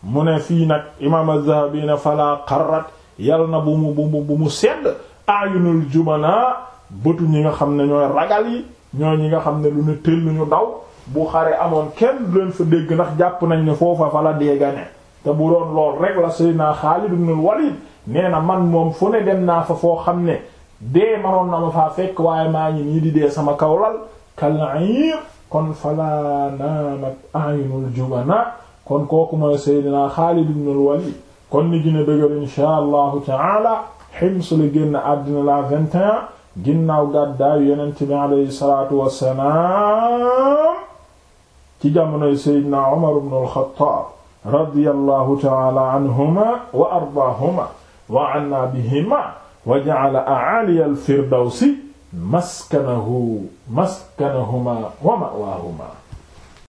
mu ne fii nag imaam az na ne fala qarrat yal na bu mu bu mu bu mu sedd ayunul jumana bëtu ñi nga xam ne ñooy ragal yi ñooy ñi nga xam ne lu ne tëll ñu daw bu xare amoon kenn du leen fa dégg ndax jàpp nañ ne foofa fala déegane te bu doon lool rek la Seydina Xaalid ibn Walid nee na man moom fu ne dem naa fa foo xam ne dee manoon na ma faa fekk waaye maa ngi nii di dee sama kawlal kal'ir kon fala naamat ayunul jumana kon kooku mooy Seydina Xaalid ibn al-Walid kon ni gën a dëgër inshaa allahu taala Hims la génn àddina la 21 ginnaaw gàddaayu Yonent bi alayhi salaatu wassalaam ci jamonoy Seydina Umar ibn al-Khattab radiyallahu taala anhuma wa ardaahuma wa anna bihima wa ja'ala a'aliya al-firdawsi maskanahu maskanahuma wa ma'waahuma